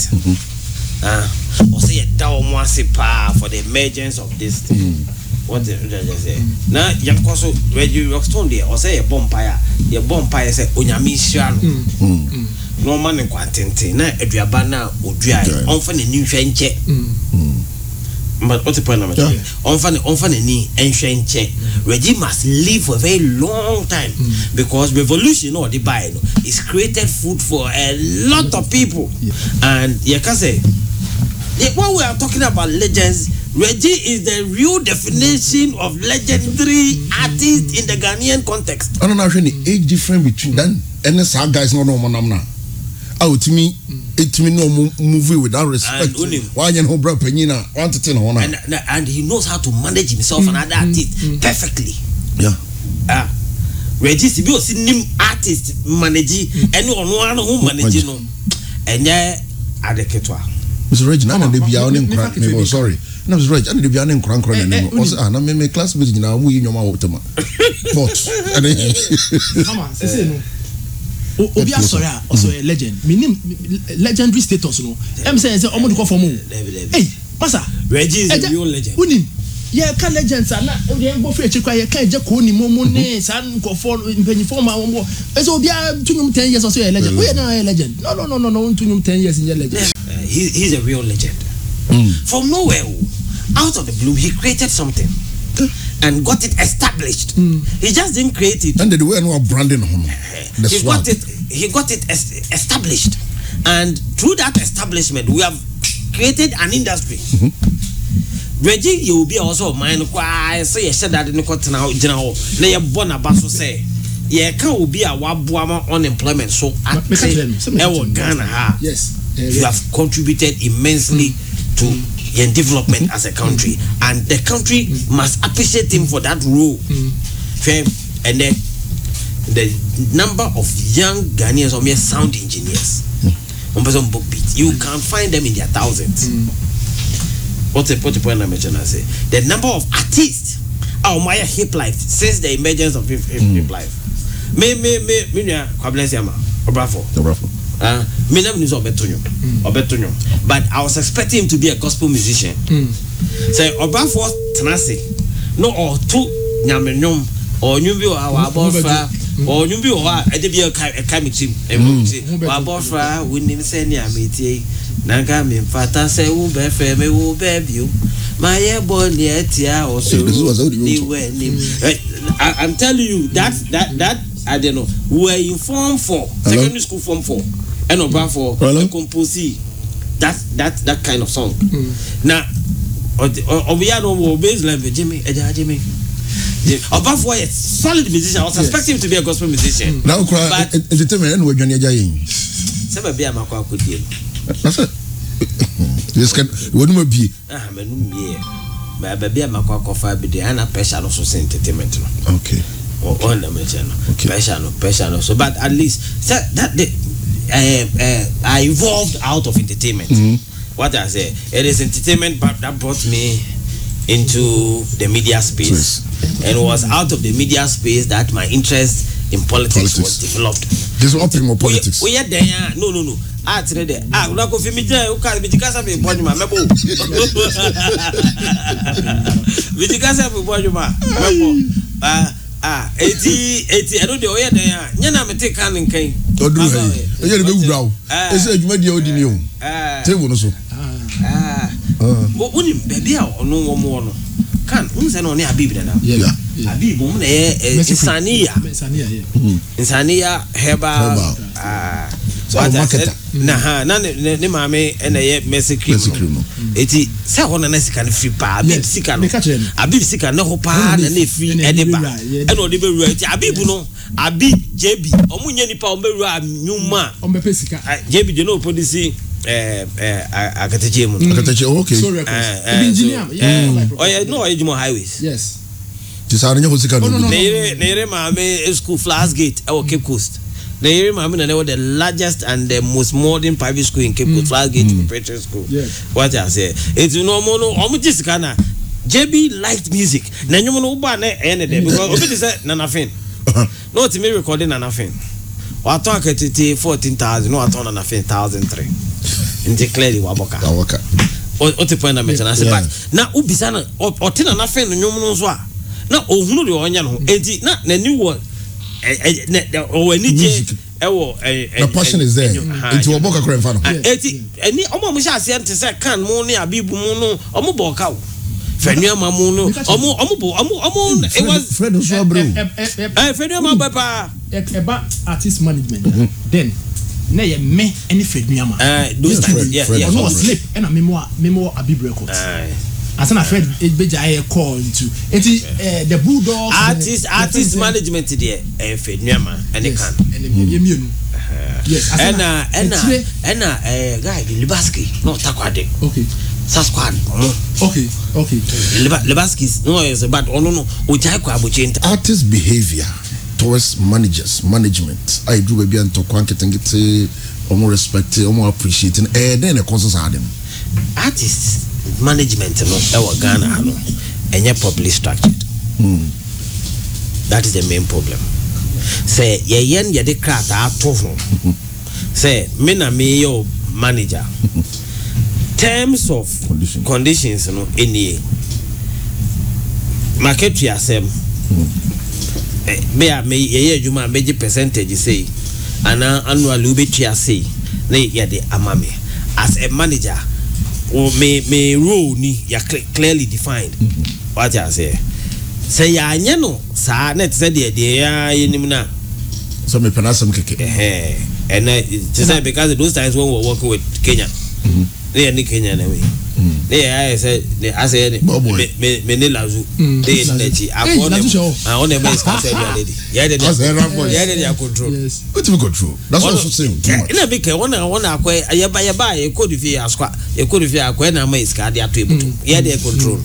ɔsɛ yɛda wɔn ase paa for the emergence of this thing mm. what the judge say na yɛnkɔ so reggie rockstone deɛ ɔsɛ yɛbɔ say a yɛbɔ mpaeɛ sɛ onyame nhyira no mm-hmm na ɔma ne nkwantenten na aduaba no a ɔdua yɛ ɔmfa n'ani nhwɛ nkyɛ ɔte mm. point number three ɔmfa ne ɔmfa n'ani nhwɛ nkyɛ mm. reggie must live for a very long time mm. because revolution na ɔde baa no is created food for a lot of people yeah. and yɛka sɛ when we are talking about legends Reggie is the real definition of legendary artist in the Ghanaian context. I don't know if any age difference between them and the guys no no more now a otumi etumi na ɔmo movie without respect wanyɛ ne ho bra na wantete ne ho na. and he knows how to manage himself and other mm-hmm. artists mm-hmm. perfectly. Yeah. Uh, regis bi osi nim artist manage ɛni ɔno ara ho manage no ɛnyɛ ade ketewa. mr regis nana de bia ɔne nkura ne bɔ sorry na mr regis nana de bia ɔne nkura nkura na nimu ɔsi ah na mɛmɛ classmate nyinaa ɔmo yi nyɔma wɔ tɛma port ɛni obi asọrọ a ọsọ yẹ legend mi ni legendary status no ẹm sẹ ẹ sẹ ọmọdé kọ fọmù ey pasa ẹjẹ wúni yẹ ká legends a na yẹ bọ fún ẹkyẹkọ yẹ ká ẹjẹ mm-hmm. kò ní mọ mọ ní saa nkọfọ mpanyinfọ ma wọn bọ ẹsẹ obi a tunyum ten years ọsọ yẹ legend oyè mm-hmm. náà yẹ legend no no no no no tunyum ten years yẹ legend. Uh, he he is a real legend. Mm. from nowhere out of the blue he created something. Eh and mm. got it established. Mm. He just didn't create it. And the way we are branding him. Eh, the he swag. got it. He got it established, and through that establishment, we have created an industry. Mm-hmm. Reggie, you will be also mine. I say, you said that in the court now, you now. they are born about to say. yɛka be a waboa ma unemployment so ate ɛwɔ ghana yes you have contributed immensely to mm. In development as a country and the country must appreciate him for that role fẹ and then the number of young ghanaians or mere sound engineers wọn pẹ book beat you can find them in their thousands wọ́n ti pọ́tù pọ́n náà mẹ́tẹ́ náà ṣe the number of artists ah, our wọ́n ayẹ hip life since the emergence of hip, hip, hip mm. life Me me mi mi nua kwabilẹsi ama ọbrafo. ọbrafo mi lẹ́bi ni sọ ọbẹ̀ tó yàn ọbẹ̀ but i was expecting him to be a gospel musician hmm. sẹ ọbaafọ tenase na ọtú nyamenyom ọnyum bi wọ ha wà abọ́ fra ọnyum hmm. bi wọ ha ẹdẹ e bi ẹka e mi ti ẹmu e hmm. ti wà abọ́ fra wò ní sẹ ní àmì tiẹ nanka mi nfata sẹ wò bẹ fẹ mi wò bẹ bi o máa yẹ bọ ní ẹ tí a ọsọ i'm telling you that that that ade no were in form four secondary school form four ɛna ɔba fɔ ɛkompose that that that kind of song mm. na ɔbɛya no wɔ baseline bɛ jimmy ɛgya jimmy ọba for a solid musician i was expecting him to be a gospel musician. na o entertainment ẹni wo adwani ẹja yẹn. sábà bí àmà kọ akọ die. pàṣẹ yẹsẹ wọn ni mo bie. aha mẹnu mi yẹ bẹẹbi àmà kọ akọ fa bi de ẹ na pressure no so sẹ entertainment no. okay wọn dàmé kyɛ no pressure no pressure no so but at least that that day uh, eh, uh, eh, I evolved out of entertainment mm -hmm. what I say it is entertainment but that brought me into the media space Please. and was out of the media space that my interest in politics, politics. was developed. This one thing more politics. Oye den ya no no no a ah, ti ne de a ah, kuna ko fi mi jẹ o ka mi ti kasa mi bọ juma mẹbo (laughs) mi ti kasa mi bọ juma mẹbo eti eti ɛno deɛ ɔyɛ dɛn a nyɛ na mete ka ne nkan ɔduru ha yi ɛyɛ ne bɛwura wo ɛsɛ adwuma deɛ ɔdi ni o table no so wonim baabi a ɔno wɔ mu wɔ no kan n sɛ na ɔne abib dada abib ɔmo na ɛyɛ nsaniya nsaniya herbal so ati mm. na ha na ne ne maame ɛna yɛ mercy cream no eti sɛ hɔ na ne sika no firi paa abib sika no abib sika ne ho paa na ne firi ɛde ba ɛna ɔde bɛ wura eti abib no abib jebi ɔmo nye nipa ɔmo bɛ wura nyuma ɔmo bɛ pɛ sika jebi de polisi, o polisi akatakye mu oh, no akatakye ok ɔyɛ no ɔyɛ juma highways yes ti saa ne nye ko sika no oh, ne yere ne yere maame eh, school flash gate ɛwɔ eh, cape coast. The Iri Maminale was the largest and the most modern private school in Cape Coast, mm. Gate mm. Preparatory School. Yeah. What I say. It's no more, no, I'm just gonna. JB light music. Na nyom no uba na ene de mm. because obi Nana say na nothing. No to me recording na nothing. Wa to fourteen thousand. no wa Nana na thousand three. Nti clearly wa boka. Wa boka. O ti point na mention as back. Na ubisa na o te na nothing no nyom no so a. Na ohunu de onya no. Enti na na ni wo ɔwɔ ani gye ɛwɔ ɛɛ the passion is there nti wɔn bɔ kakra nfa no. eti ɛni ɔmo a mo hyɛ aseɛ te sɛ kan mu ne abibu mu no ɔmo bɔ ɔka o fɛnuama mu no ɔmo ɔmo bɔ ɔmo ɔmo ewa fred nso abere o ɛɛ fɛnuama bɛ paa. ɛba artist management mm-hmm. then ne yɛ mɛ ɛni fɛnuama. ɛɛ those times yeah yeah ɔno wɔ slip ɛna memo a memo abibu records asana eh, eh, fred egbeja ayɛ call ntu eti the bulldogs. artist artist management deɛ ɛyɛ fɛ nneɛma ɛne kan. ɛnɛ yes asana ɛna ɛna ɛɛ guy libaski no, ɔta kwade. okay sasquad ɔmo. okay okay. liba libaski na ɔyɛ sɛ but ɔno oh, no ɔgya kɔ abɔkye nta. artist behaviour towards managers management a yɛ duru baabi a ntɔkwa nketenkete ɔmo respect ɔmo appreciate ɛɛ dɛn na ɛkɔ so saa de mu. artist management no ɛwɔ ghana ha no ɛnyɛ properly structured hmm. that is the main problem sɛ yɛyɛ no yɛde krataa to ho sɛ me na meyɛ o manager terms of Condition. conditions no ɛnie maketu asɛm bia hmm. me yɛyɛ adwuma a mɛgye percentage sei anaa annually wobɛtua sei na yɛde ama me as a manager me me role ni ya clearly defined mm-hmm. wati ase sɛ yɛanyɛ no saa na te sɛ deɛ deɛ yɛa yɛnim no a sɛ mepɛ no asɛm keke ɛnɛ te sɛ because those times when we were working with kenya mm -hmm ne yɛ ne kenya na wei ne yɛ ayɛ sɛ ne asɛ yɛ ne me ne lazu ne yɛ ne n'akyi akɔ ne mu a ɔn ne bɛ sika sɛ bi ale de yɛ de de yɛ de de akɔntro wotumi kɔntro that's why so say o too much ɛna bi kɛ wɔn a wɔn akɔ yɛba yɛba a yɛkɔ de fi asɔ yɛkɔ de fi akɔ yɛ na ama yɛ sika de ato ebutu yɛ de yɛ kɔntro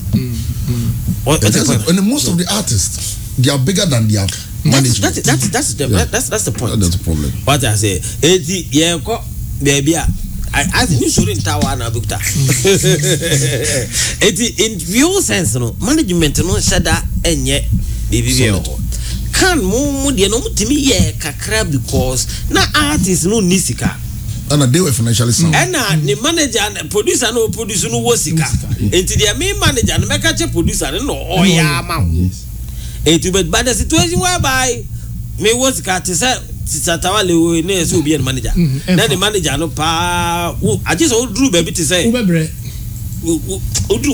and most of the artists they are bigger than their management that's that's that's the that's that's the point that's the problem what i say eti eh, yɛ kɔ beebi a nsori nta wa na dɔkita eti in real sense no management no nhyɛ da nyɛ biribi bi wɔ hɔ kan mu no mu tumi yɛ kakra because na artist no ni sika. ɛna they were financially sound. And eh, ɛna the manager ne producer no producer no wɔ sika nti deɛ me manager no mɛka kyɛ producer no na ɔyɛ ama wo but by the situation whereby me wɔ sika te sɛ sisatawale wo ne yɛ sɛ obi yɛ ne manager mhm, na ne manager no paa wo agye sɛ woduru baabi te sɛ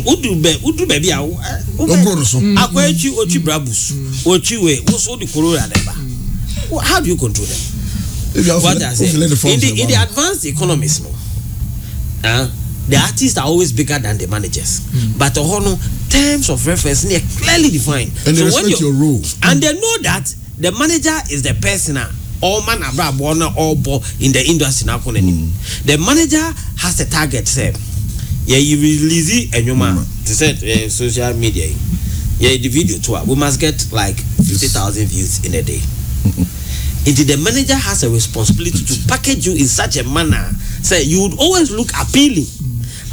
woduru bɛ woduru baabi a akɔ akyi otwi brabus mhm. otwi wɛ woso wodi koro yɛ adaba mhm. how do you control them wata sɛ in the in the advanced economies no uh, the artists are always bigger than the managers mm. but ɔhɔ no terms of reference they are clearly defined and they respect your role and they know that the manager is the person ah ɔma n'abrabɔ na ɔbɔ in the industry n'akɔ n'anim mm. the manager has a target sɛ yɛyi release ɛnwoma mm. te sɛ ɛɛ eh, social media yi yɛyi the video to a ah. we must get like fifty thousand views in a day (laughs) nti the manager has a responsibility to mm. package you in such a manner say you would always look appealing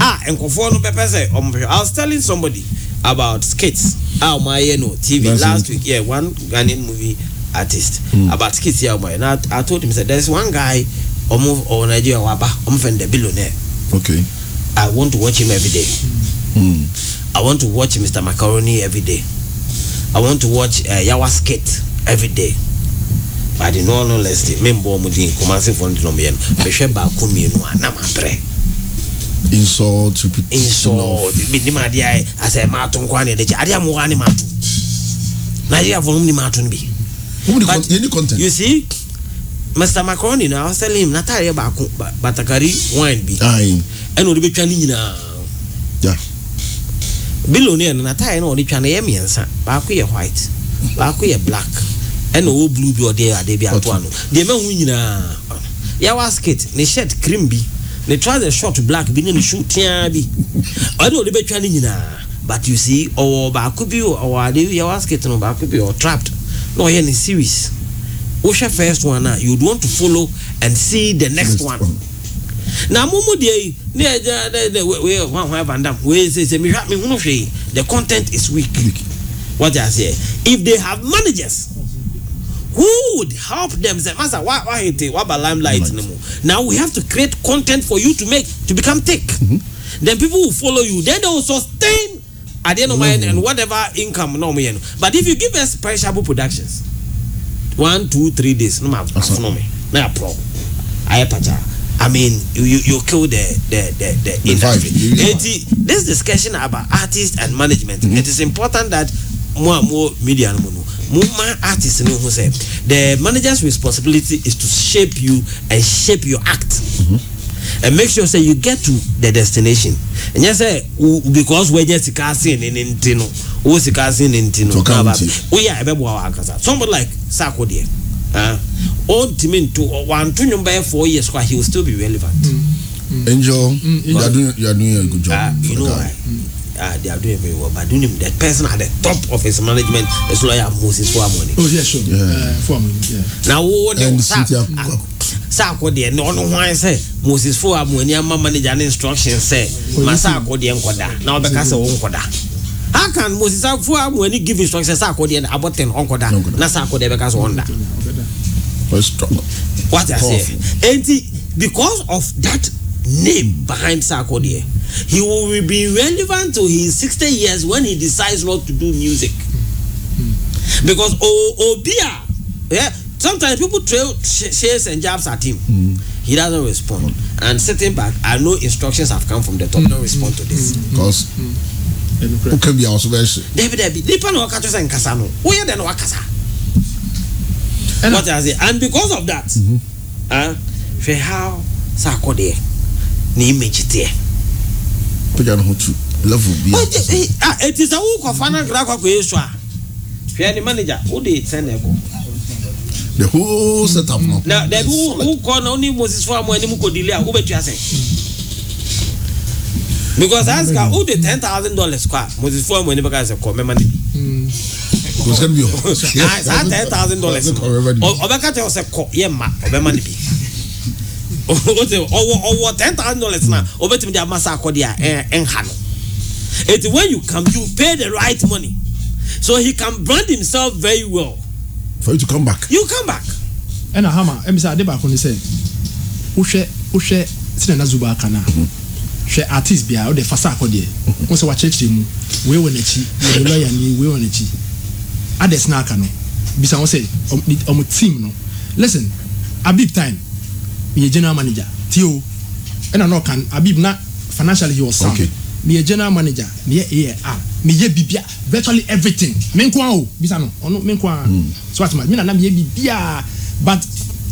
ah nkɔfoɔ no pɛpɛ sɛ ɔmo hwɛ i was telling somebody about skits a ah, ɔmo ayɛ no tv last week yeah one ghanaian movie artist mm. about kids here boy and I, told him said there's one guy ọmọ ọwọ Nigeria waba ọmọ fẹ ndẹ billionaire. okay. I want to watch him every day. Mm. I want to watch Mr. Macaroni every day. I want to watch uh, Yawa Skate every day. But I no not less day. Member ọmọ di nkọmasi fún ndinu ọmọ yẹn no. Mehwẹ baako mmienu a ma brẹ. Insult to be insult. Bi ni maa di ayẹ asẹ maa to nkwa ni ẹdẹ kyẹ adi a mo wa ni maa to. Nigeria fún mi ni maa to bi but you see mr macron I was telling him n'ataare baako batakari wine bi ɛna ɔde bɛtwa ne nyinaa billionaire no n'ataare na ɔde twa no yɛ mmiɛnsa baako yɛ white baako yɛ black ɛna ɔwɔ blue bi ɔde ade bi ato ano deɛ mɛhu nyinaa yawa skirt ne shirt cream bi ne trouser short black bi ne ne shoe tia bi ɔde ɔde bɛtwa ne nyinaa but you see ɔwɔ baako bi ɔwɔ ade yawa skirt no baako bi ɔtrapped na ɔyɛ ne series wohwɛ first one a you would want to follow and see the next, next one. one na mumu deɛ yi ne ɛgya ne ne wei hwan hwan van dam wei sɛ sɛ mihwa mihunu hwee the content is weak wagye aseɛ if they have managers who would help them say masa wa wa hete wa ba limelight ne mu now we have to create content for you to make to become thick mm -hmm. then people will follow you then they will sustain at the end of my end and whatever income no ọmọ yẹn but if you give us perishable productions one two three days no ma No mi na ya pro ayẹ pata i mean you you kill the the the the industry eti this discussion about artists and management mm -hmm. it is important that more and more media no mo no Muma artist ni ho sɛ the manager's responsibility is to shape you and shape your act. Mm -hmm and make sure say you get to the destination and yes sir because we just kasi ne ne nti no wo sika si ne nti no kaba o yɛ ɛbɛ bu awa akasa somebody like sako deɛ o ntumi nto wa nto nyom bɛyɛ four years kɔ he will still be relevant. Mm. mm. angel mm, mm. you are doing you are doing a good job. Uh, you know why. Mm. Uh, they are doing very well, but doing him the person at the top of his management is lawyer Moses Fuamoni. Oh yes, yeah, sure. Yeah, uh, Fuamoni. Yeah. Now, what and Cynthia ah, sɛ akɔ deɛ ne ɔno ho an sɛ moses fo a mo ani ama manager ne instruction sɛ ma sɛ akɔ deɛ nkɔda na wɔbɛka sɛ wo nkɔda how can moses fo a mo ani give instruction sɛ akɔ deɛ abɔ ten ɔnkɔda na sɛ akɔ deɛ bɛka sɛ ɔnda what i say enti because of that name behind Sarkodie. He will be relevant to his 60 years when he decides not to do music. Mm. Because Obia, yeah, sometimes people throw shares and jabs at him. Mm. He doesn't respond. Mm. And sitting back, I know instructions have come from the top. Mm. Don't respond to this. Mm. Because. Mm. mm. can be also very David. Debbie, Debbie, Nipa no wakato sa nkasa no. Oye de no wakasa. What I say, and because of that, mm -hmm. uh, ah, hwɛ how sa there. deɛ ne image teɛ. Pagya no ho tu level bi. Eti sɛ wokɔfa no nkira kɔkɔ yɛ so a hwɛ ne manager wode send na ɛkɔ the whole set up na dabi wo wo kɔ na oni moses fún amu ɛnimu kò dili a wo bɛ tu ase because asika wo de ten thousand dollars kɔ a moses fún amu ɛnimu kò ase kɔ mɛma ne bi. kò sɛ bi o. saa ten thousand dollars ɔbɛ kata ɔsɛ kɔ yɛ ma ɔbɛma ne bi ɔwɔ ɔwɔ ten thousand dollars na ɔbɛtumi de ama sa akɔde a ɛnha eh, eh, no eti when you come you pay the right money so he can brand himself very well for you to come back. you come back. ɛna hama ɛmisa ade baako ni sɛ wohwɛ wohwɛ sinana zuba aka na mhm. hwɛ artist bia ɔde fasa akɔ deɛ wɔn sɛ wakyerɛkyerɛ mu wei wɔ n'akyi wɔde lɔya ni wei wɔ n'akyi others na aka no bisa wɔn sɛ ɔmo team no listen abib time yɛ general manager tio ɛna n'ɔkan abib na financially he was sound. Okay meyɛ general manager meyɛ ar meyɛ biribia virtually everything menko a o bisa no ɔno menko a so atoma mena na meyɛ biribia but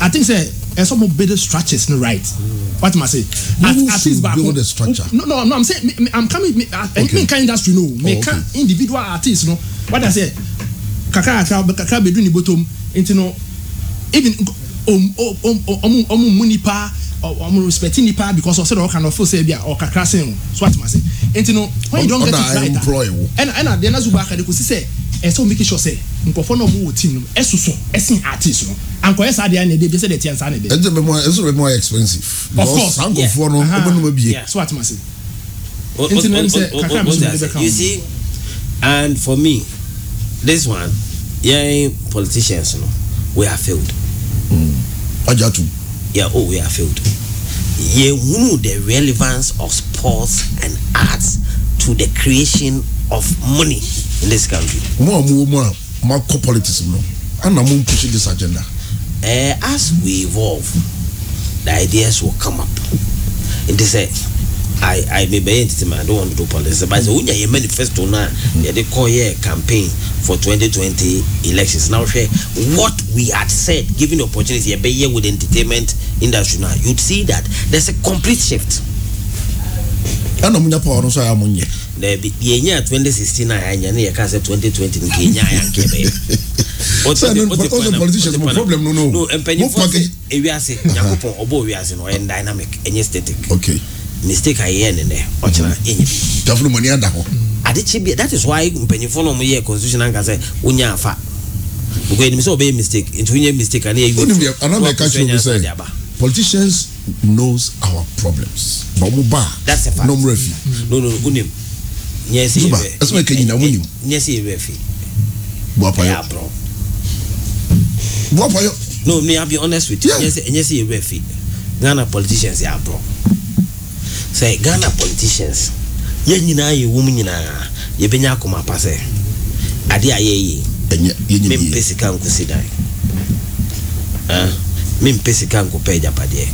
i think say, ɛsɛ mo build structures no right what am i say at at least baako no no no i'm saying me, me, i'm coming me okay. nka industry no meka oh, okay. individual artist no what i say kakra kakra kakra bedu ni bottom nti no even ɔmo mu nipa ɔmo respect nipa because ɔsɛ dɛ ɔka na ɔfo sɛ bi a ɔkakra sɛn o so what am i say nti no when you don get it right ɛna ɛna deɛ n'azu baaka de ko sisɛ ɛsɛ o make sure sɛ nkɔfɔ na ɔmo wɔ team no ɛsoso ɛsin artist no ankɔyɛ saa deɛ na ɛde ebi sɛ nsa na ɛde. bɛ mu ɛsɛ bɛ mu ayɛ expensive. of course saa nkɔfɔ no ɔmo numu ebie. so ati ma se. nti no sɛ kakra mi so mi de you see and for me this one yɛn politicians no we are failed. ɔjà hmm. tún. yeah oh we are failed yɛhunu the relevance of sports and arts to the creation of money in this country. mo a mo wɔ mu a mo akɔ politics mu no ana mo n push this agenda. Eh, as we evolve the ideas will come up nti sɛ I I may be ntetema i don't want to do politics but sɛ wonya yɛ manifesto no a yɛde here. campaign for 2020 elections now hwɛ what we had said given the opportunity here with the entertainment industry now you'd see that there's a complete shift ɛna mo nya power no so a mo nyɛ dabi yɛnya 2016 a yɛanya ne yɛka sɛ 2020 no no. kɛnya yɛankɛ bɛyɛ mpanyimfoɔ sɛ ewiase nyankopɔn ɔbɔ wiase no ɔyɛ (laughs) dynamic ɛnyɛ static okay mistake a yɛyɛ ne nɛ ɔkyena ɛnyɛ bi tafunu mɔni ada hɔ adekye bi that is why mpanyinfoɔ na wɔyɛ constitution anka sɛ wonya afa because enim sɛ ɔbɛyɛ mistake nti wonya mistake ana eyi wotu anamɛ kakyɛ omi sɛ politicians knows our problems ba ɔmo ba n'ɔmo refi mm. no no onim nyɛ si yɛ bɛ ɛsɛ ɛkɛ nyina wonim nyɛ si yɛ bɛ fi buapayɔ buapayɔ no me i be honest with you nyɛ si yɛ bɛ fi ghana politicians yɛ aborɔ sɛ ghana politicians yɛn nyinaa yɛ wɔm nyinaa yɛbɛnya akoma pa sɛ adeɛ a yɛyɛ mempɛ sika nkosi dan mempɛ sika nkopɛ agyapadeɛ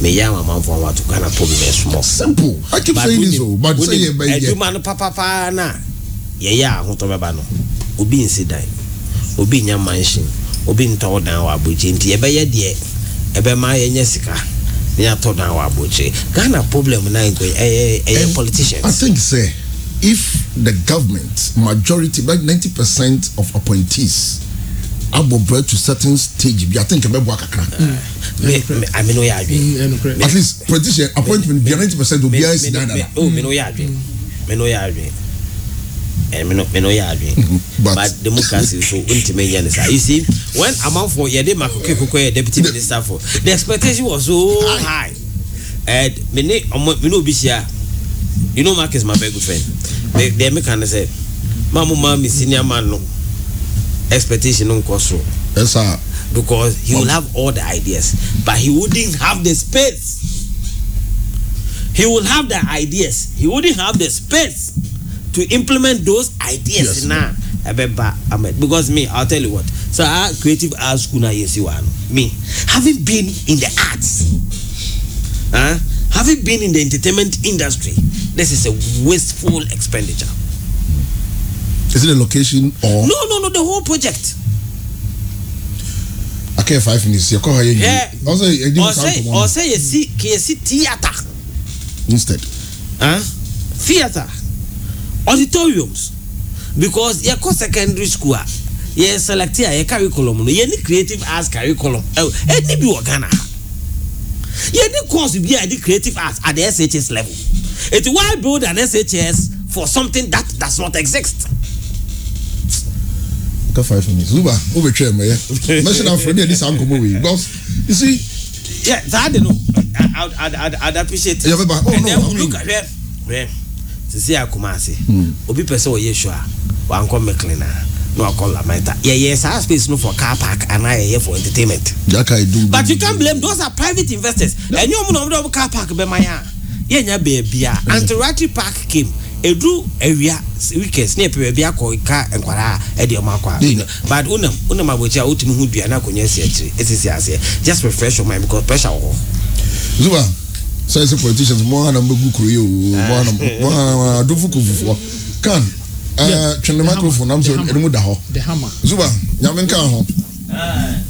meyɛ amamanfo a wato ghana problem Simple. I keep saying this. ɛsmɔadwuma no papapaa no a yɛyɛ a ahotɔ bɛba no obi nsi dan obi nya mansion obi ntɔwo dan wɔ abɔgye nti yɛbɛyɛ deɛ ɛbɛma yɛnyɛ sika yɛ atɔ dan wɔ abɔkye ghana problem na nko ɛyɛ ɛyɛ politicians. i think say if the government majority like ninety percent of appointees abɔ bread to certain stage bi i think ɛbɛ bɔ akakra. ami n'o y'a dwe. Mm, at least politician appointment bi ninety percent obiara si dan dada. o mi n'o y'a dwe mi n'o y'a dwe and eh, me no no yɛ adwene (laughs) but, but democracy so ntumi yɛ ne saa you see when amanfo yɛde makoke koko yɛ deputy minister for the expectation was so high ɛd me ne ɔmo me ne obi hyia you know mark is my very good friend me deɛ me kan sɛ maa mo maa mi senior man no expectation no nkɔ so. because he will have all the ideas but he wouldn't have the space he will have the ideas he wouldn't have the space to implement those ideas yes, na ɛbɛba ama because me i'll tell you what so ah creative arts school na yesi wa no me having been in the arts ah having been in the entertainment industry this is a wasteful expenditure. is it a location or. no no no the whole project. akẹ́ five minutes yẹ kọ́ ha yẹ yìí ọ̀sẹ̀ yẹ di musa nkọmọ. ọ̀sẹ̀ yẹ si kì í si theatre. instead. Huh? theatre auditoriums because yɛkɔ secondary school a yɛ select a yɛ curriculum no yɛne creative arts curriculum ɛwɔ ɛni bi wɔ ghana ha yɛde course bi a yɛde creative arts at the shs level eti why build an shs for something that does not exist. ka five minutes uba o bɛ twɛ mɛ yɛ mɛsina afro ne yɛ di san komo wei because you see. yɛ saa de no i i i appreciate. yɛ bɛ ban oh no i mean sisi akoma ase hmm. obi pɛ sɛ ɔyɛ sure a wankɔ mɛkili na na wakɔ yɛyɛ saa space no for car park anaa yɛyɛ for entertainment. jaka edu bi but you can blame those are private investors ɛni ɔmu na ɔmu na ɔmu car park bɛ ma ya yɛn nya beebi a antirati park came edu ewia weekends ne epe beebi akɔ ka nkwadaa ɛdi ɔmo akɔ a but unam unam abɔkyi a otumi hu dua na akonnwa esi akyire esisi aseɛ just refresh your mind because pressure wɔ zuba sɛ ɛsɛ politicians mo anam bɛgu kuro yi o mo anam mo anam adofo ko fufuo kan ɛɛ eh, twene microphone nam so ɛnimu da hɔ zuba nyame nka ho eh.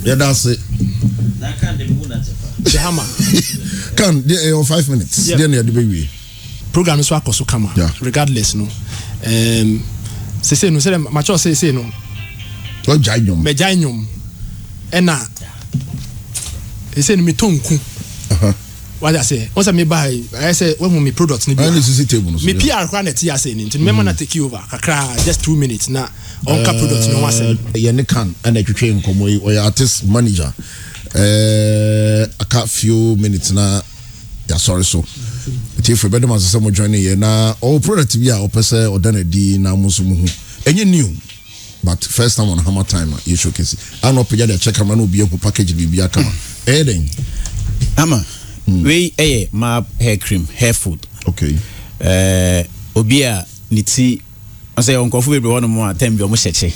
yɛda ase kan deɛ ɛyɛ (laughs) eh, five minutes deɛ na yɛde bɛwie program nso akɔ so kama regardless no um, sese no sɛdeɛ makyɛ sese no ɔgyae nwom mɛgyae nwom ɛna sese no metɔ nku wadi ase wọn sɛ mi ba yi ayɛ sɛ wọn hun mi product ni bi wa mi pr kora na ti ase ni nti mɛma na take over kakra just two minutes na ɔn ka product ni wọn ase. yɛne kan ɛna twitwe nkɔmɔ yi ɔyɛ artist manager ɛɛ eh, aka few minutes na yasɔre so nti efe bɛdɛm asesɛ mo join yɛ na ɔwɔ product bi a ɔpɛ sɛ ɔda na di na amusu mu ho ɛnyɛ new but first time on hammer time yɛ showcase ana ɔpɛ gya de ɛkyɛ kama na obi ehu package biribi akama ɛyɛ dɛn. ama. Hmm. wei yɛ map hair cream hair food okay. uh, obi a ne ti ɔsɛ yɛ nkɔfo bebree hɔnom a tɛm bi ɔmo hyɛkyɛ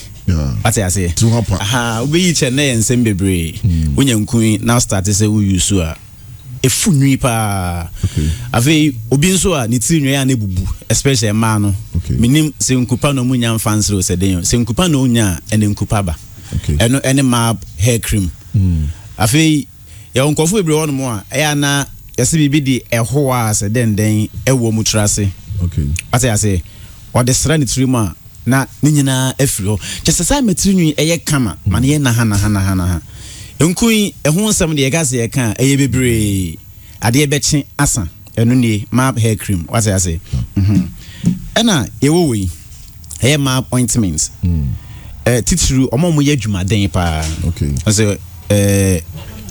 ate aseɛ wobɛyi kyɛ na yɛ nsɛm bebree hmm. wonya nkui na starte sɛ woyu so a ɛfu nwi paa afei obi nso a ne tiri nwia ne bubu especially mmaa no Minim, sɛ nkupa na ɔmu nya mfa nsere sɛ den sɛ nkupa na ɔnya a ɛne nkupa ba ɛno ɛne map hair cream hmm. afei yɛwɔ nkurɔfoɔ bebree hɔ nom a ɛyɛ ana yɛsɛ biribi de ɛho a sɛ dɛndɛn ɛwɔ mu tra ase wate ase ɔde sra ne tiri mu a na ne nyinaa afiri hɔ kyɛ sɛ saa mɛtiri nwi ɛyɛ kama ma ne yɛ nahanahanaha nku yi ɛho nsɛm deɛ yɛka sɛ yɛka a ɛyɛ bebree adeɛ bɛkye asa ɛno nie map hair cream wate ase mhm. ɛna yɛwɔ wɔ yi ɛyɛ map ointment hmm. titiri ɔma ɔmo yɛ adwumaden paa ɔsɛ ɛɛ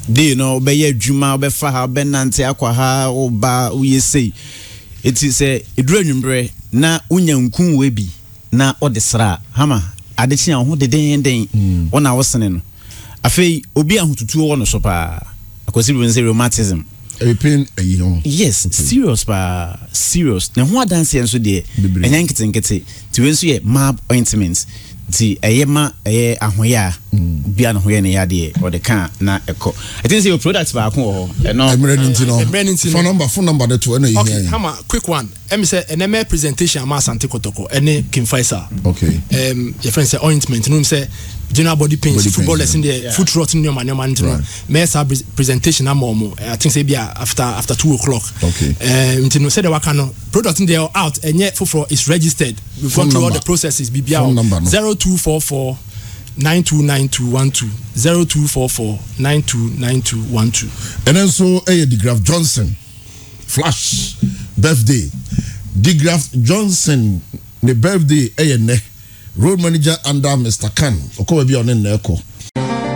dei no wobɛyɛ adwuma wobɛfa ha wobɛnante akwa ha woba woyɛ sei ɛti sɛ ɛduru anwumberɛ na wonya nkum wɔ bi na ɔde sra a hama ade kye a wo ho dedenden wɔna wosene no afei obi ahotutuo wɔ no so paa akwasi bi sɛ rheumatism ɛpɛn ayi no yes okay. serious paa serious na ho adanseɛ nso deɛ ɛnyɛ nketenkete nti wei nso yɛ mab ointment nti ɛyɛ ma ɛyɛ ahoyɛ a mm. bia ne hoyɛ ne yadeɛ ɔde ka na ɛkɔ ɛti sɛ yɛ product baako wɔ hɔ ɛnɔ mmerɛ no nti nommerɛ no nti phone number phone number de to ɛna yɛ okay hama quick one ɛmi sɛ ɛnɛ presentation ama asante kɔtɔkɔ ɛne kimfaisa okay ɛm yɛfrɛ sɛ ointment num sɛ general body pains footballers in there foot rot ní ọmọ nneọma ntino mẹ́ẹ̀ sá presentation ama ọmọ eh, i think say bi a after after two o'clock ntino sẹ́dẹ̀ waka no product in there out ẹ̀yẹ eh, foforọ is registered we go through all the processes bíbí àwọn zero two four four nine two nine two one two zero two four four nine two nine two one two. ẹnẹ nso ẹ eh, yẹ digraf johnson flash birthday digraf johnson ne birthday ẹ yẹ nẹ road manager under mr khan ɔkɔ baabi a ɔne nnɛ ɛkɔ